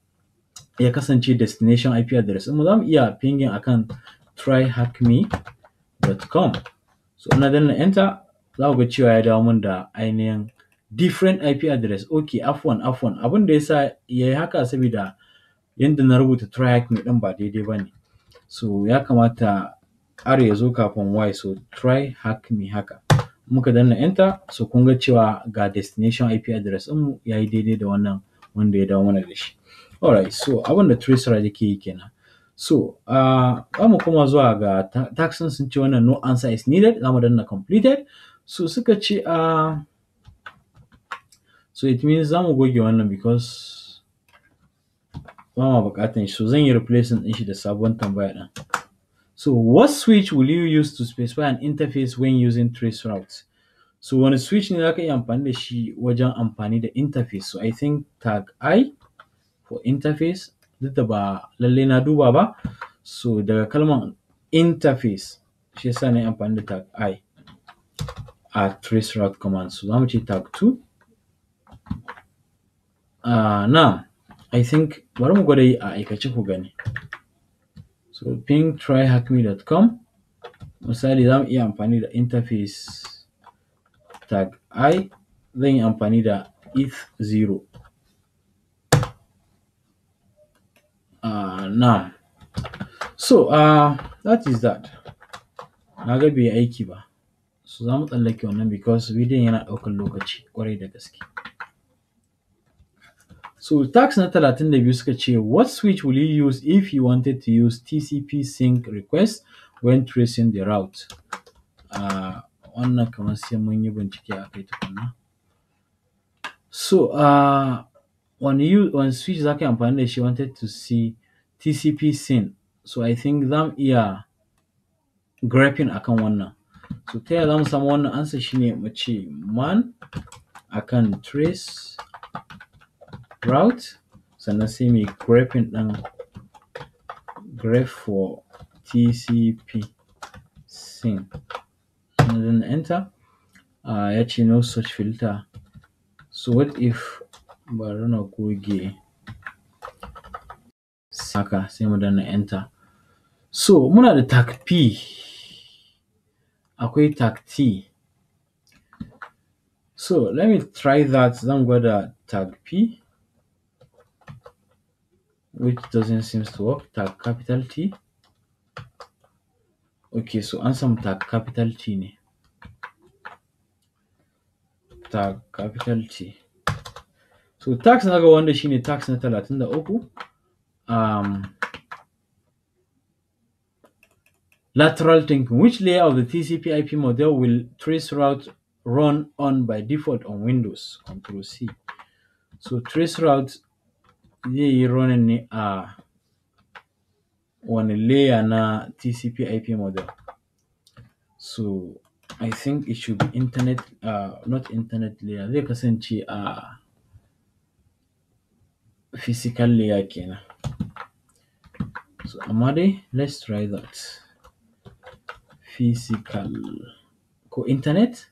ya kasance destination IP address mu za mu iya pinging akan tryhackme.com so ina danna enter za ku ga cewa ya dawo mun da ainihin different IP address ok afwan afwan abin da yasa ya yi haka saboda yadda na rubuta tryhackme ɗin ba daidai ba ne so ya kamata r ya zo kafin y so tryhackme haka muka danna enter so kun ga cewa ga destination IP address ɗinmu ya yi daidai da wannan wanda ya dawo mana da shi Alright, so abin da traceroute yake yi kenan. So, uh, za mu kuma zuwa ga taxon sun ce wannan no answer is needed, zamu danna completed. So, suka ce a uh, so it means zamu goge wannan because ba ma buƙatan shi. So, zan yi replacing ɗin shi da sabon tambaya ɗin. So, what switch will you use to specify an interface when using routes? So, wani switch ne zaka ka iya amfani da shi wajen amfani da interface? So, I think tag I for interface duk da ba lalle na duba ba so daga kalman interface shi yasa na yi amfani da tag i a trace route command so zamu ce tag 2 uh, now i think bari mu gwada yi a aikace ku gani so ping tryhackme.com misali zamu iya amfani da interface tag i zan yi amfani da eth 0 uh, ah, now so uh, that is that na ga bai aiki ba so za mu tsallake wannan because bidiyon yana ɗaukar lokaci kwarai da gaske so tax na 32 suka ce what switch will you use if you wanted to use tcp sync request when tracing the route ah, wannan kamar sai mun yi bincike a kai tukunna so uh, When you when switch zaki and amfani she wanted to see TCP sin so I think za grabbing I can wanna so tell them someone answer she need muchi man I can man trace route so now see me grabbing din grab for TCP sin and then enter uh, actually no such filter so what if bari na goge saka sai mu danna enter so muna da tag p akwai tag t so let me try that zan gwada tag p which doesn't seem to work tag capital t okay so an samu tag capital t ne tag capital t so tax na ga wanda shine tax na talatin da uku um, lateral thinking which layer of the tcp ip model will trace route run on by default on windows control c so trace route zai running ne a wani layer na tcp ip model so i think it should be internet uh, not internet layer zai kasance a physical layer kenan. So Amadi, let's try that. Physical ko internet?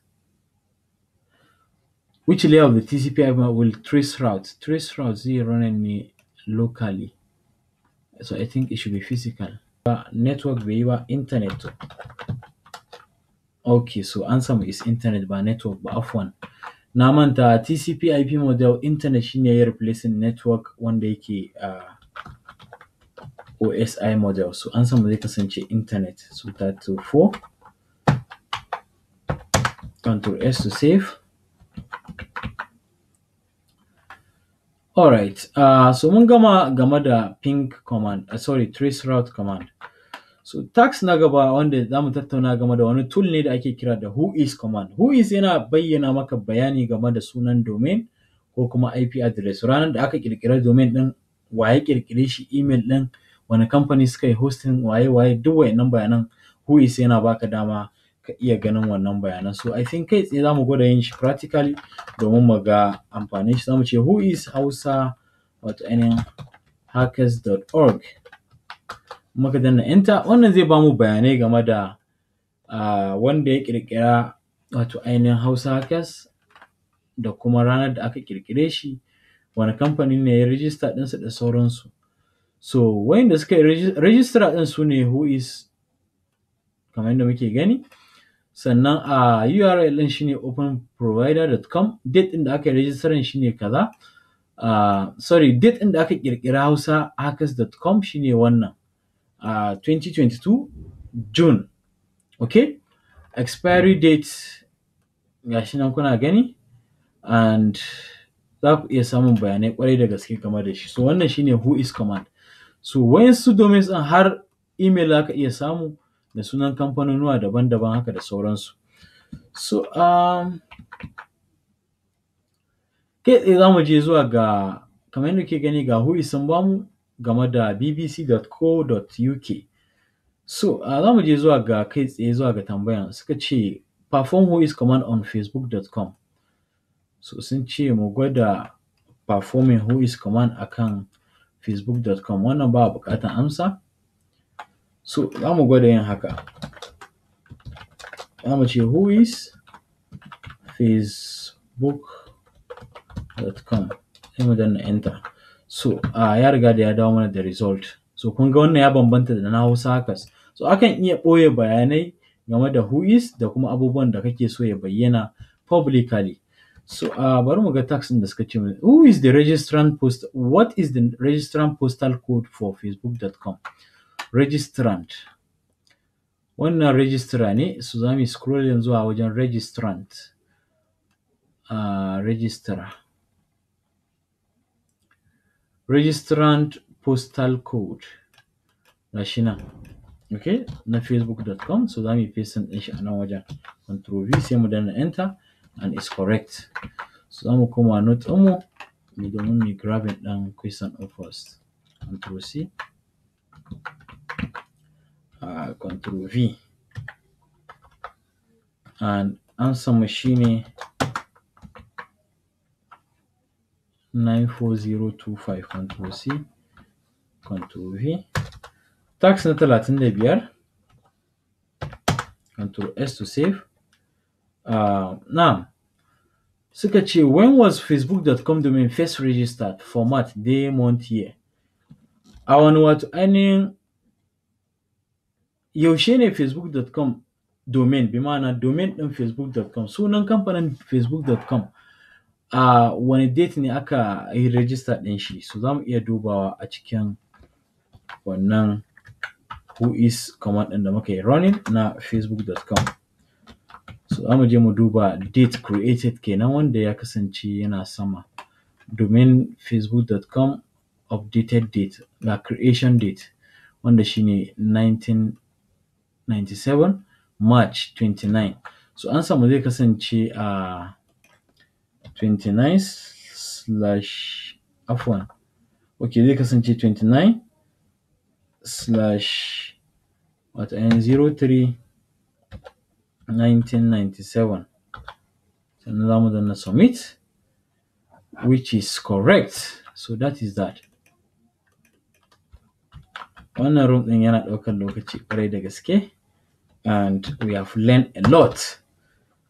Which layer of the TCP IP will trace route? Trace route is running ne locally. So I think it should be physical. network layer, internet Okay, so answer is internet by network by off one. na manta TCP/IP model internet shine ya replacing network wanda yake a OSI model. So ansa mu zai kasance internet. So to 34 control S to save. Alright, uh, so mun gama game da ping command, uh, sorry, trace route command. So tax na gaba wanda za mu tattauna game da wani tool ne da ake kira da whois command. Whois yana bayyana maka bayani game da sunan domain ko kuma IP address. Ranar da aka kirkira domain din waye kirkire shi email din wani company suka yi hosting waye waye duk wayannan bayanan whois yana baka dama ka iya ganin wannan bayanan. So I think kai tsaye zamu gwada yin shi practically domin mu ga amfanin shi. zamu mu ce whois hausa wato hackers.org. muka danna enter wannan zai ba mu bayanai game da wanda ya ƙirƙira wato ainihin Hausa Hackers da kuma ranar da aka kirkire shi wani kamfani ne ya rijista ɗinsa da sauransu so wayanda suka yi rijista ɗin su ne who is kamar yadda muke gani sannan a url din shine openprovider.com date ɗin da aka yi rijistaran shine kaza sorry date ɗin da aka ƙirƙira hausa hackers.com shine wannan 2022 June. ok Expiry hmm. date gashi nan kuna gani and za ku iya samun bayanai kwarai da gaske game da shi. So wannan shine who is command. So wayansu domains ɗin har email za iya samu da sunan kamfanonuwa daban-daban haka da sauransu. So um, kai za je zuwa ga kamar yadda kuke gani ga who is sun bamu game da bbc.co.uk so za mu je zuwa ga kai tsaye zuwa ga tambayan suka ce perform who is command on facebook.com so sun ce mu gwada performing who is command akan facebook.com wannan ba bukatan amsa so za mu gwada yin haka za mu ce who is facebook.com sai mu danna enter So, uh, ya riga da ya dawo mana da result. So, kun ga wannan ya bambanta da na Hausa hackers. So, akan iya ɓoye bayanai game da who is da kuma abubuwan da kake so ya bayyana publicly. So, uh, bari mu ga tax ɗin da suka ce Who is the registrant post? What is the registrant postal code for facebook.com? Registrant. Wannan registra ne, so za mu scroll yanzu a wajen registrant. Uh, registrar registrant postal code gashi nan okay na facebook.com so za mu yi pasting din shi a nan wajen control v sai mu danna enter and is correct so za mu koma note din mu mu domin mu grabbing dan question of first control c uh, control v and answer machine shine 94025 Ctrl C Ctrl V tax na 35 Ctrl S to save uh, na'am suka ce when was facebook.com domain first registered format day month year a wani wato ainihin yaushe ne facebook.com domain bi ma'ana domain ɗin facebook.com sunan kamfanin facebook.com a wani date ne aka yi register ɗin shi so zamu iya dubawa a cikin wannan who is command ɗin da muka yi running na facebook.com so za mu je mu duba date created kenan wanda ya kasance yana sama domin facebook.com updated date na creation date wanda shine 1997 march 29 so an samu zai kasance a 29 nine slash afwan ok zai kasance twenty nine slash wato ainihin zero three nineteen sannan za mu danna submit which is correct so that is that wannan room ɗin yana ɗaukar lokaci ƙwarai da gaske and we have learned a lot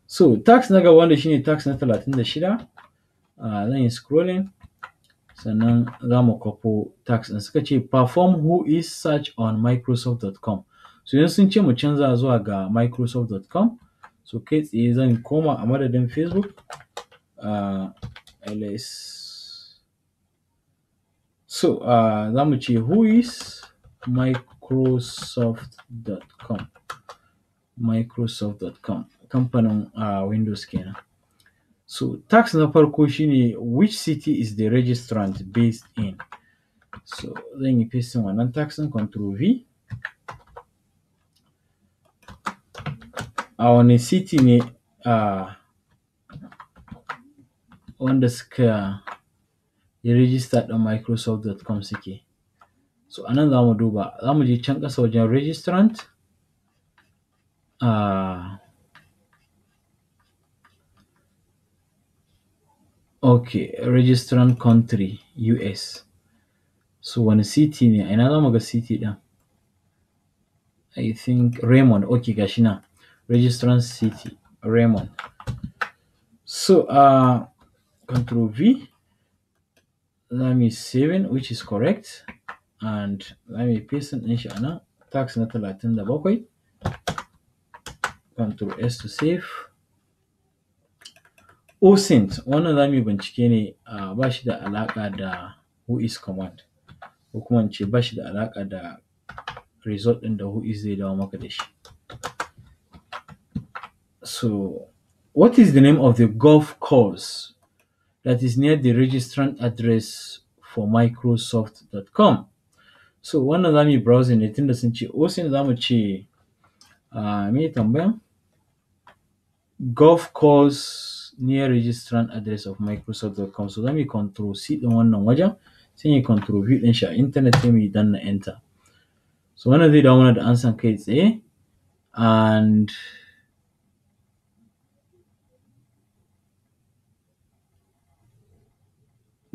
So tax na gaba wanda shine tax na talatin da shida, zan scrolling sannan za mu kwafo tax ɗin suka ce perform who is search on microsoft.com. So yanzu sun ce mu canza zuwa ga microsoft.com. So kai tsaye zan koma a madadin Facebook uh, ls. So uh, za mu ce who is microsoft.com microsoft.com kamfanin uh, Windows kenan. So tax na farko shine which city is the registrant based in? So zan yi fesin wannan tax din control V. A wani city ne uh, wanda suka yi register ɗin microsoft.com suke. So anan nan za mu duba, za mu je can ƙasa wajen registrant. Uh, Okay, registrant country US. So wani city ne, ina za mu ga city ɗin? I think Raymond, okay gashi nan. Registrant city, Raymond. So, uh, control V, let me save, which is correct. And let me paste it shi Ana. tax na 37. Control S to save. OSINT wannan za mu bincike ne ba shi da alaƙa da who is command ko kuma in ce ba shi da alaƙa da result ɗin da is zai dawo maka da shi. So what is the name of the golf course that is near the registrant address for microsoft.com? So wannan za mu yi browsing ne tun da sun ce OSINT za mu ce me tambayan? Golf course near registrant address of microsoft.com. So let me control C din wannan wajen sai yi control V din shi internet team we don't enter. So when zai dawo mana da ansan kai tsaye and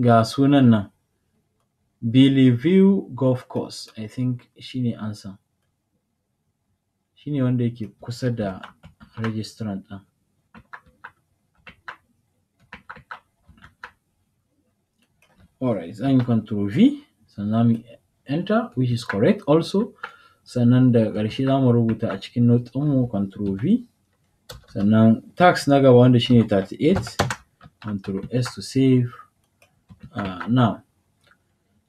ga sunan Billy View Golf Course I think She ansan. Shine wanda yake kusa kusada registrant ɗin. then you can control v so now mu enter which is correct also so daga the za mu rubuta a cikin note ɗinmu control v so now tax naga gaba wanda shine 38 control s to save uh, now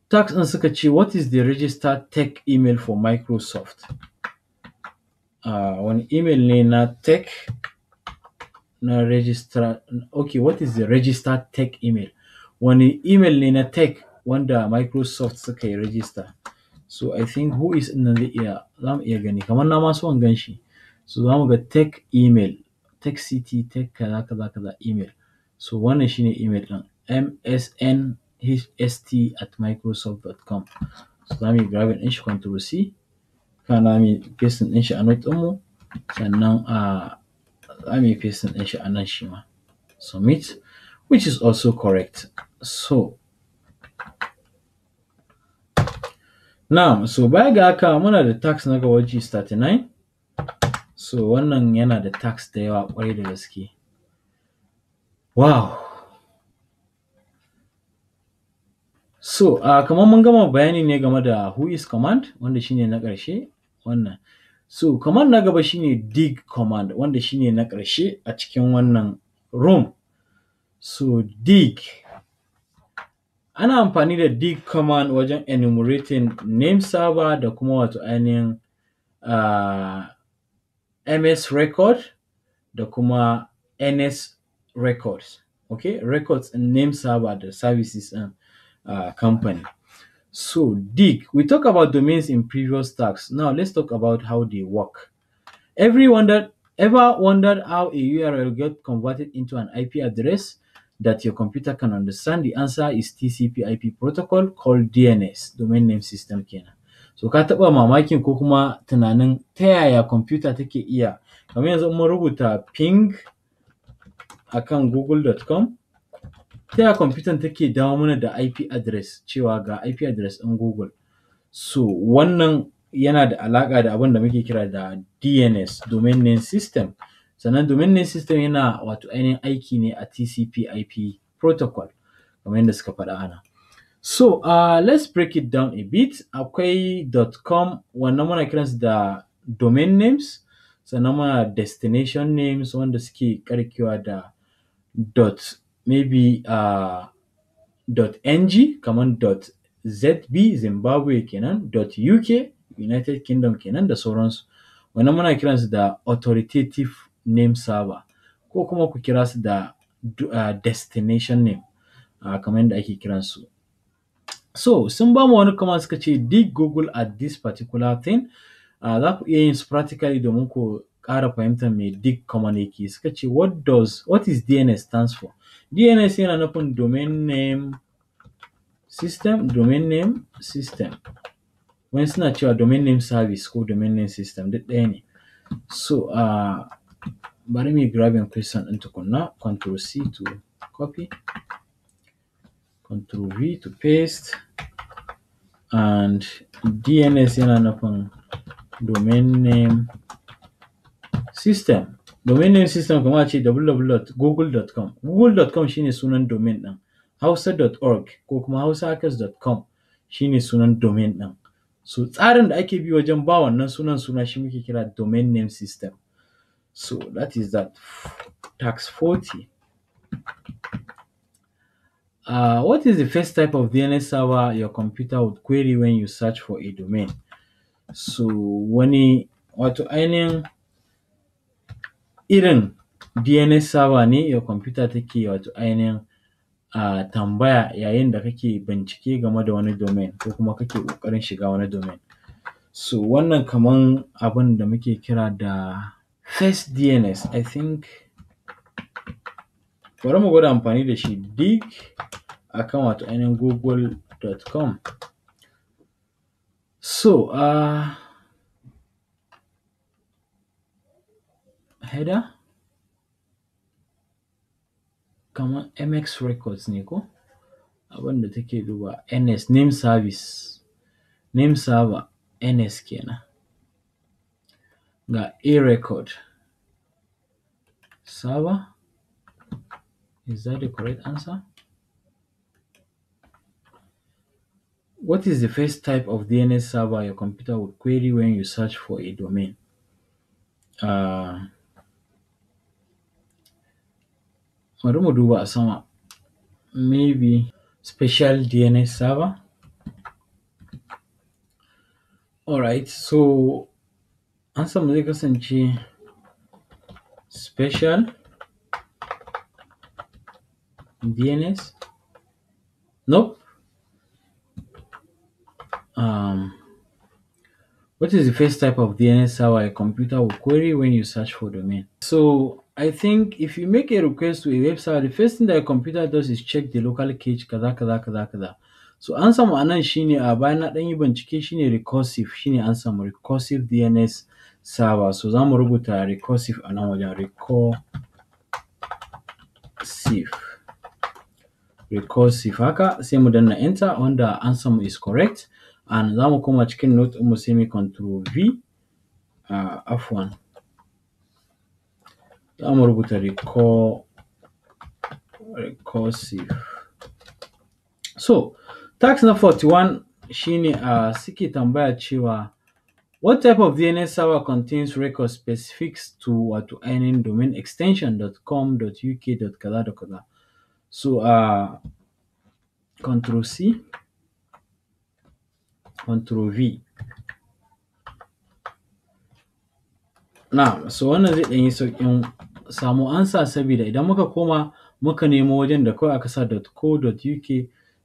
tax and suka ce what is the register tech email for microsoft uh, ah, one email ne na tech na register okay what is the register tech email wani email ne na tech wanda Microsoft suka yi register. So I think who is in the iya za mu iya gani kamar na masu wan gan shi. So za mu ga tech email, tech city, tech kaza kaza kaza email. So wannan shine email ɗin hst at microsoft.com. So za mu yi grabin ɗin shi control C. Kana mi pasting ɗin shi a note ɗinmu sannan a za mu yi pasting ɗin shi a nan shi ma. Submit which is also correct. So, Na'am, so baya ga haka muna da tax na ga which 39. So wannan yana da tax da yawa kwarai da gaske. Wow! So, uh, kamar mun gama bayani ne game da who is command wanda shine na ƙarshe wannan. So, command na gaba shine dig command wanda shine na ƙarshe a cikin wannan room. So, dig. ana amfani da dig command wajen enumerating name server da kuma wato ainihin uh, ah, ms record da kuma ns records okay records and name server the services uh, company so dig we talk about domains in previous talks now let's talk about how they work everyone that ever wondered how a url got converted into an ip address that your computer can understand, the answer is TCP IP protocol called DNS, domain name system kenan. So ka taɓa mamakin ko kuma tunanin ta yaya computer take iya, kamar yanzu mun rubuta ping a kan google.com, ta yaya computer take dawo mana da IP address cewa ga IP address ɗin Google. So wannan yana da alaka da abin da muke kira da DNS, domain name system. Sannan domin name system yana wato ainihin aiki ne a TCP IP protocol kamar yadda suka faɗa ana. So, uh, let's break it down a bit. Akwai .com wannan muna kiransu da domain names, sannan muna destination names wanda suke karkewa da dot maybe uh, dot ng kamar dot zb zimbabwe kenan dot uk united kingdom kenan da sauransu wannan muna kiransu da authoritative name server ko kuma ku kira su da ah, destination name ah, kamar yadda ake su So sun ba mu wani kamar suka ce dig Google at this particular thing ah, za ku iya yin su practically domin ku ƙara fahimtar me dig command yake suka ce what does what is DNS stands for DNS yana nufin domain name system domain name system wani suna cewa domain name service ko domain name system duk ɗaya ne so uh, bari grab grabbing question ɗin tukunna control C to copy control V to paste and DNS yana nufin domain name system domain name system kuma ce www.google.com google.com shine sunan domain ɗin hausa.org ko kuma hausahackers.com shine sunan domain ɗin so tsarin da ake bi wajen ba wannan sunan suna shi muke kira domain name system So that is that tax 40. Uh, what is the first type of DNS server your computer would query when you search for a domain? So wani wato ainihin irin DNS server ne your computer take wato ainihin uh, tambaya yayin da kake bincike game da wani domain ko kuma kake ukarin shiga wani domain. So wannan kaman abin da muke kira da First DNS I think bari mu gwada amfani da shi dig akan wato ainihin google.com. So, uh, header kamar MX records ne ko? Abin da take duba NS name service, name server NS kenan. nga e-record server. Is that the correct answer? What is the first type of DNS server your computer would query when you search for a domain? Uh, maybe special DNS server. All right, so Ansanmu zai kasance special DNS nope. Um, what is the first type of DNS server a computer will query when you search for domain? So I think if you make a request to a website, the first thing that a computer does is check the local cage, kaza kaza kaza kaza. So answer samu anan shine a bayan na dan yi bincike shine recursive shine answer samu recursive DNS sawa suzamu ruguta ariko sif anamoja ariko sif recall sif haka sai mu danna enter onda answer mu is correct and zamu kuma koma cikin note umu semi control v uh, 1 za zamu rubuta recall recursive so tax na 41 shine siki uh, tambaya cewa What type of DNS server contains records specific to to any domain extension.com.uk So uh, control C, control V. Now, so wannan zai ɗan yi sauƙin samo ansa sabida idan muka koma muka nemo wajen da kawai aka sa .co.uk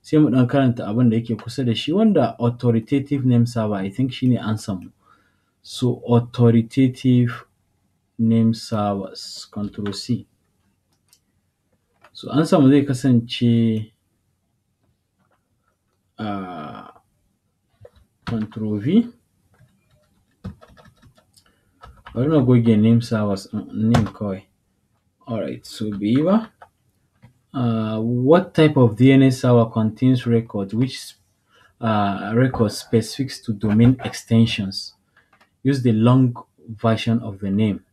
sai mu ɗan karanta abin da yake kusa da shi wanda authoritative name server I think shine ansan mu. So authoritative name servers, control C. So answer mu zai kasance uh, control V. Bari na goge name servers name kawai. Alright, so bai Uh, ah, what type of DNS server contains records which uh, records specific to domain extensions? Use the long version of the name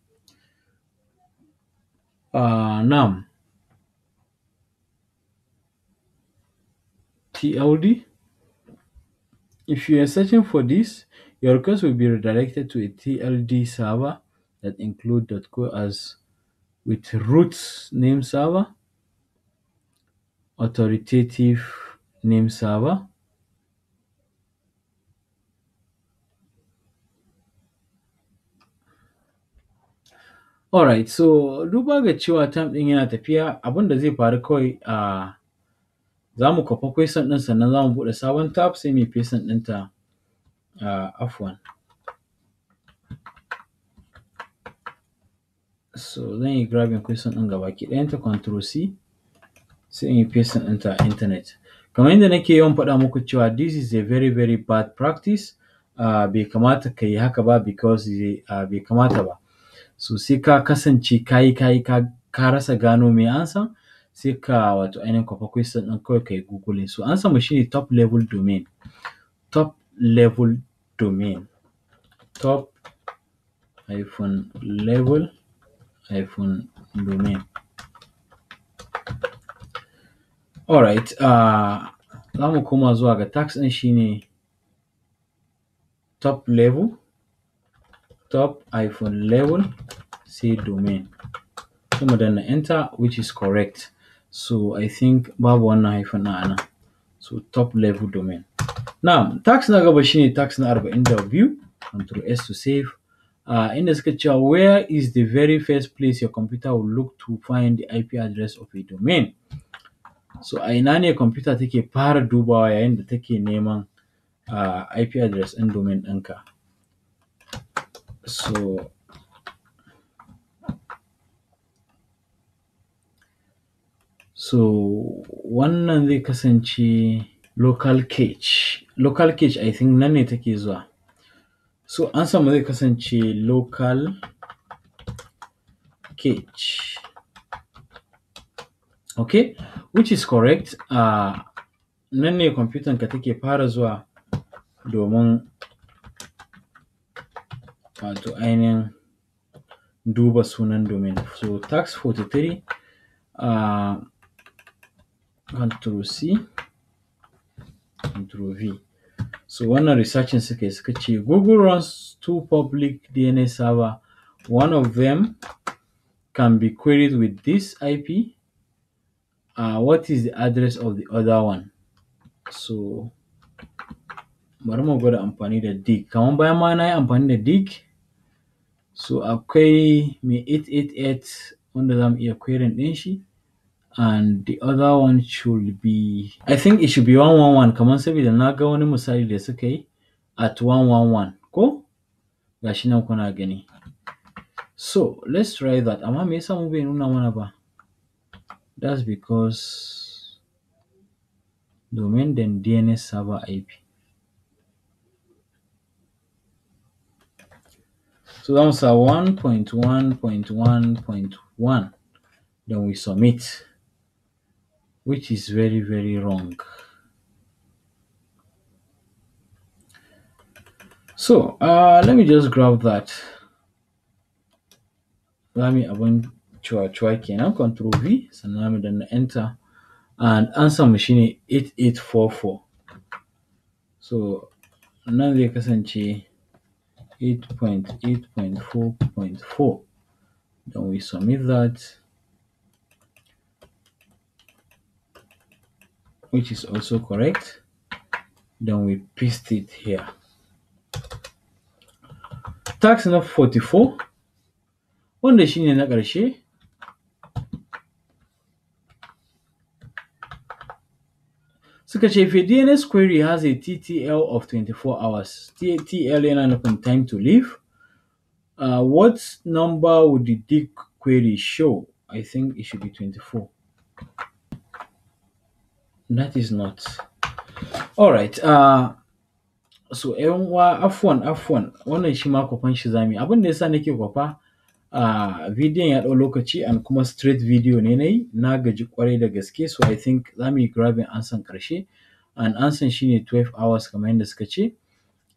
uh, Nam Tld. If you are searching for this, your request will be redirected to a TLD server that include .co as with root name server, authoritative name server, Alright, so duba ga cewa term ɗin yana tafiya, abin da zai faru kawai a za mu kwafa question ɗin sannan za mu buɗe sabon tab sai mu yi pasting ɗinta a afwan. So zan yi grabbing question ɗin gabaki ɗayanta control C sai in yi pasting ɗinta a internet. Kamar yadda nake yawan faɗa muku cewa this is a very very bad practice, uh, bai kamata ka yi haka ba because uh, bai kamata ba. so sai ka kasance kayi kayi ka ka rasa gano me ansa sai ka wato ainihin kwafa question ɗin kawai ka yi googling so ansan mu shine top level domain top level domain top iphone level iphone domain alright uh, za mu koma zuwa ga tax ɗin shine top level top iPhone level say domain so mu enter which is correct so i think babu wannan hyphen na anan so top level domain now tax na gaba shine tax na view, control s to save uh, inda suka cewa where is the very first place your computer will look to find the ip address of a domain so I ina ne computer take fara dubawa yayin da take neman uh, ah, ip address and domain ɗinka So so wannan zai kasance local cage, local cage I think nan ne take zuwa. So an samu zai kasance local cage. Okay, which is correct. uh, Nan ne ka take fara zuwa domin wato ainihin duba sunan domain. So tax 43 uh, control C control V. So wannan researchin suka yi suka ce Google runs two public DNA server. One of them can be queried with this IP. Uh, what is the address of the other one? So bari mu gwada amfani da dig. Kamar bayan ma na yi amfani da dig so akwai mai 888 wanda za mu iya kwerin ɗin shi and the other one should be I think it should be 111 kamar saboda na ga wani misali da suka yi at 111 ko shi nan kuna gani so let's try that amma me yasa mu bai nuna mana ba that's because domain then DNS server IP So that was 1.1.1.1. Then we submit, which is very, very wrong. So uh, let me just grab that. Let me to abun cewa cewa now, control V I'm going to enter and answer machine 8844. So nan zai kasance 8.8.4.4 then we submit that which is also correct then we paste it here tax number 44 wanda shine na ƙarshe So if a DNS query has a TTL of 24 hours, TTL TTLN open time to leave, uh, what number would the dig query show? I think it should be 24. That is not. All right. Uh, so, yan wa afwan afwan wannan shi ma kwafan shi zami abin da yasa nake kwafa a ah, bidiyon ya ɗau lokaci and kuma straight video ne nayi. na gaji kwarai da gaske so I think za mu yi an ansan ƙarshe An ansan shine 12 hours kamar yadda suka ce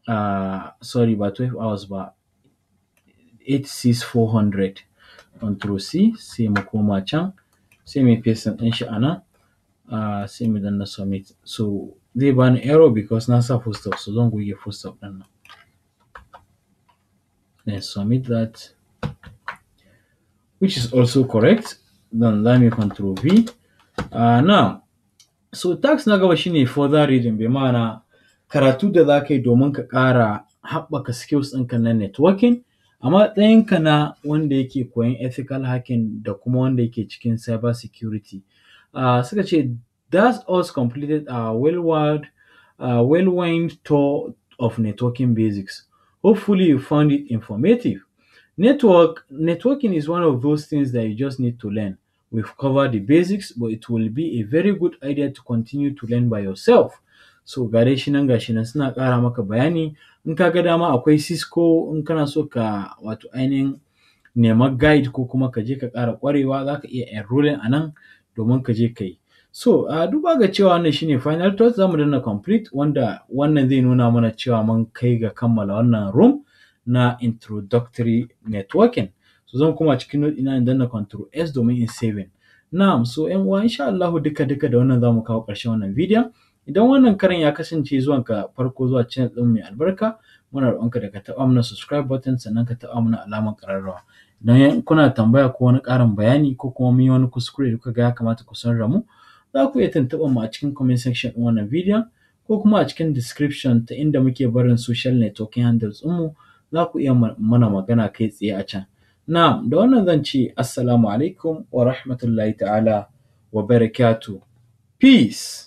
uh, sorry ba 12 hours ba 86400 control C sai mu koma can sai ɗin shi ana uh, sai mu danna submit so zai bani error because na sa full so zan goge full stop ɗin nan submit that which is also correct Then let me control v uh, now so tax na gaba shine further reading bi mana karatu da za ka yi domin ka ƙara haɓaka skills ɗinka na networking a matsayinka na wanda yake koyan ethical hacking da kuma wanda yake cikin cyber security uh, suka ce that's us completed our well wide uh, well tour of networking basics hopefully you found it informative Network networking is one of those things that you just need to learn. We've covered the basics, but it will be a very good idea to continue to learn by yourself. So gare shi nan ga nan suna ƙara maka bayani in ka ga dama akwai Cisco in kana so ka wato ainihin nema guide ko kuma ka je ka ƙara ƙwarewa za ka iya enrolling a nan domin ka je ka yi. So a duba ga cewa wannan shine final thought za mu danna complete wanda wannan zai nuna mana cewa mun kai ga kammala wannan room. na introductory networking. So zan koma cikin node ina inda na control S domin in saving. Na'am so ƴan uwa insha Allah duka duka da wannan zamu kawo ƙarshen wannan video. Idan wannan karin ya kasance zuwan ka farko zuwa channel din mai albarka muna ka da ka taɓa mana subscribe button sannan ka taɓa mana alamar ƙararrawa. Idan kuna tambaya ko wani ƙarin bayani ko kuma mun yi wani kuskure da kuka ga ya kamata ku san mu za ku iya tuntuɓar mu a cikin comment section ɗin wannan bidiyon ko kuma a cikin description ta inda muke barin social networking handles ɗinmu. mu za ku iya mana magana kai tsaye a can. Na da wannan zan ce Assalamu alaikum wa rahmatullahi ta'ala wa barakatu. Peace.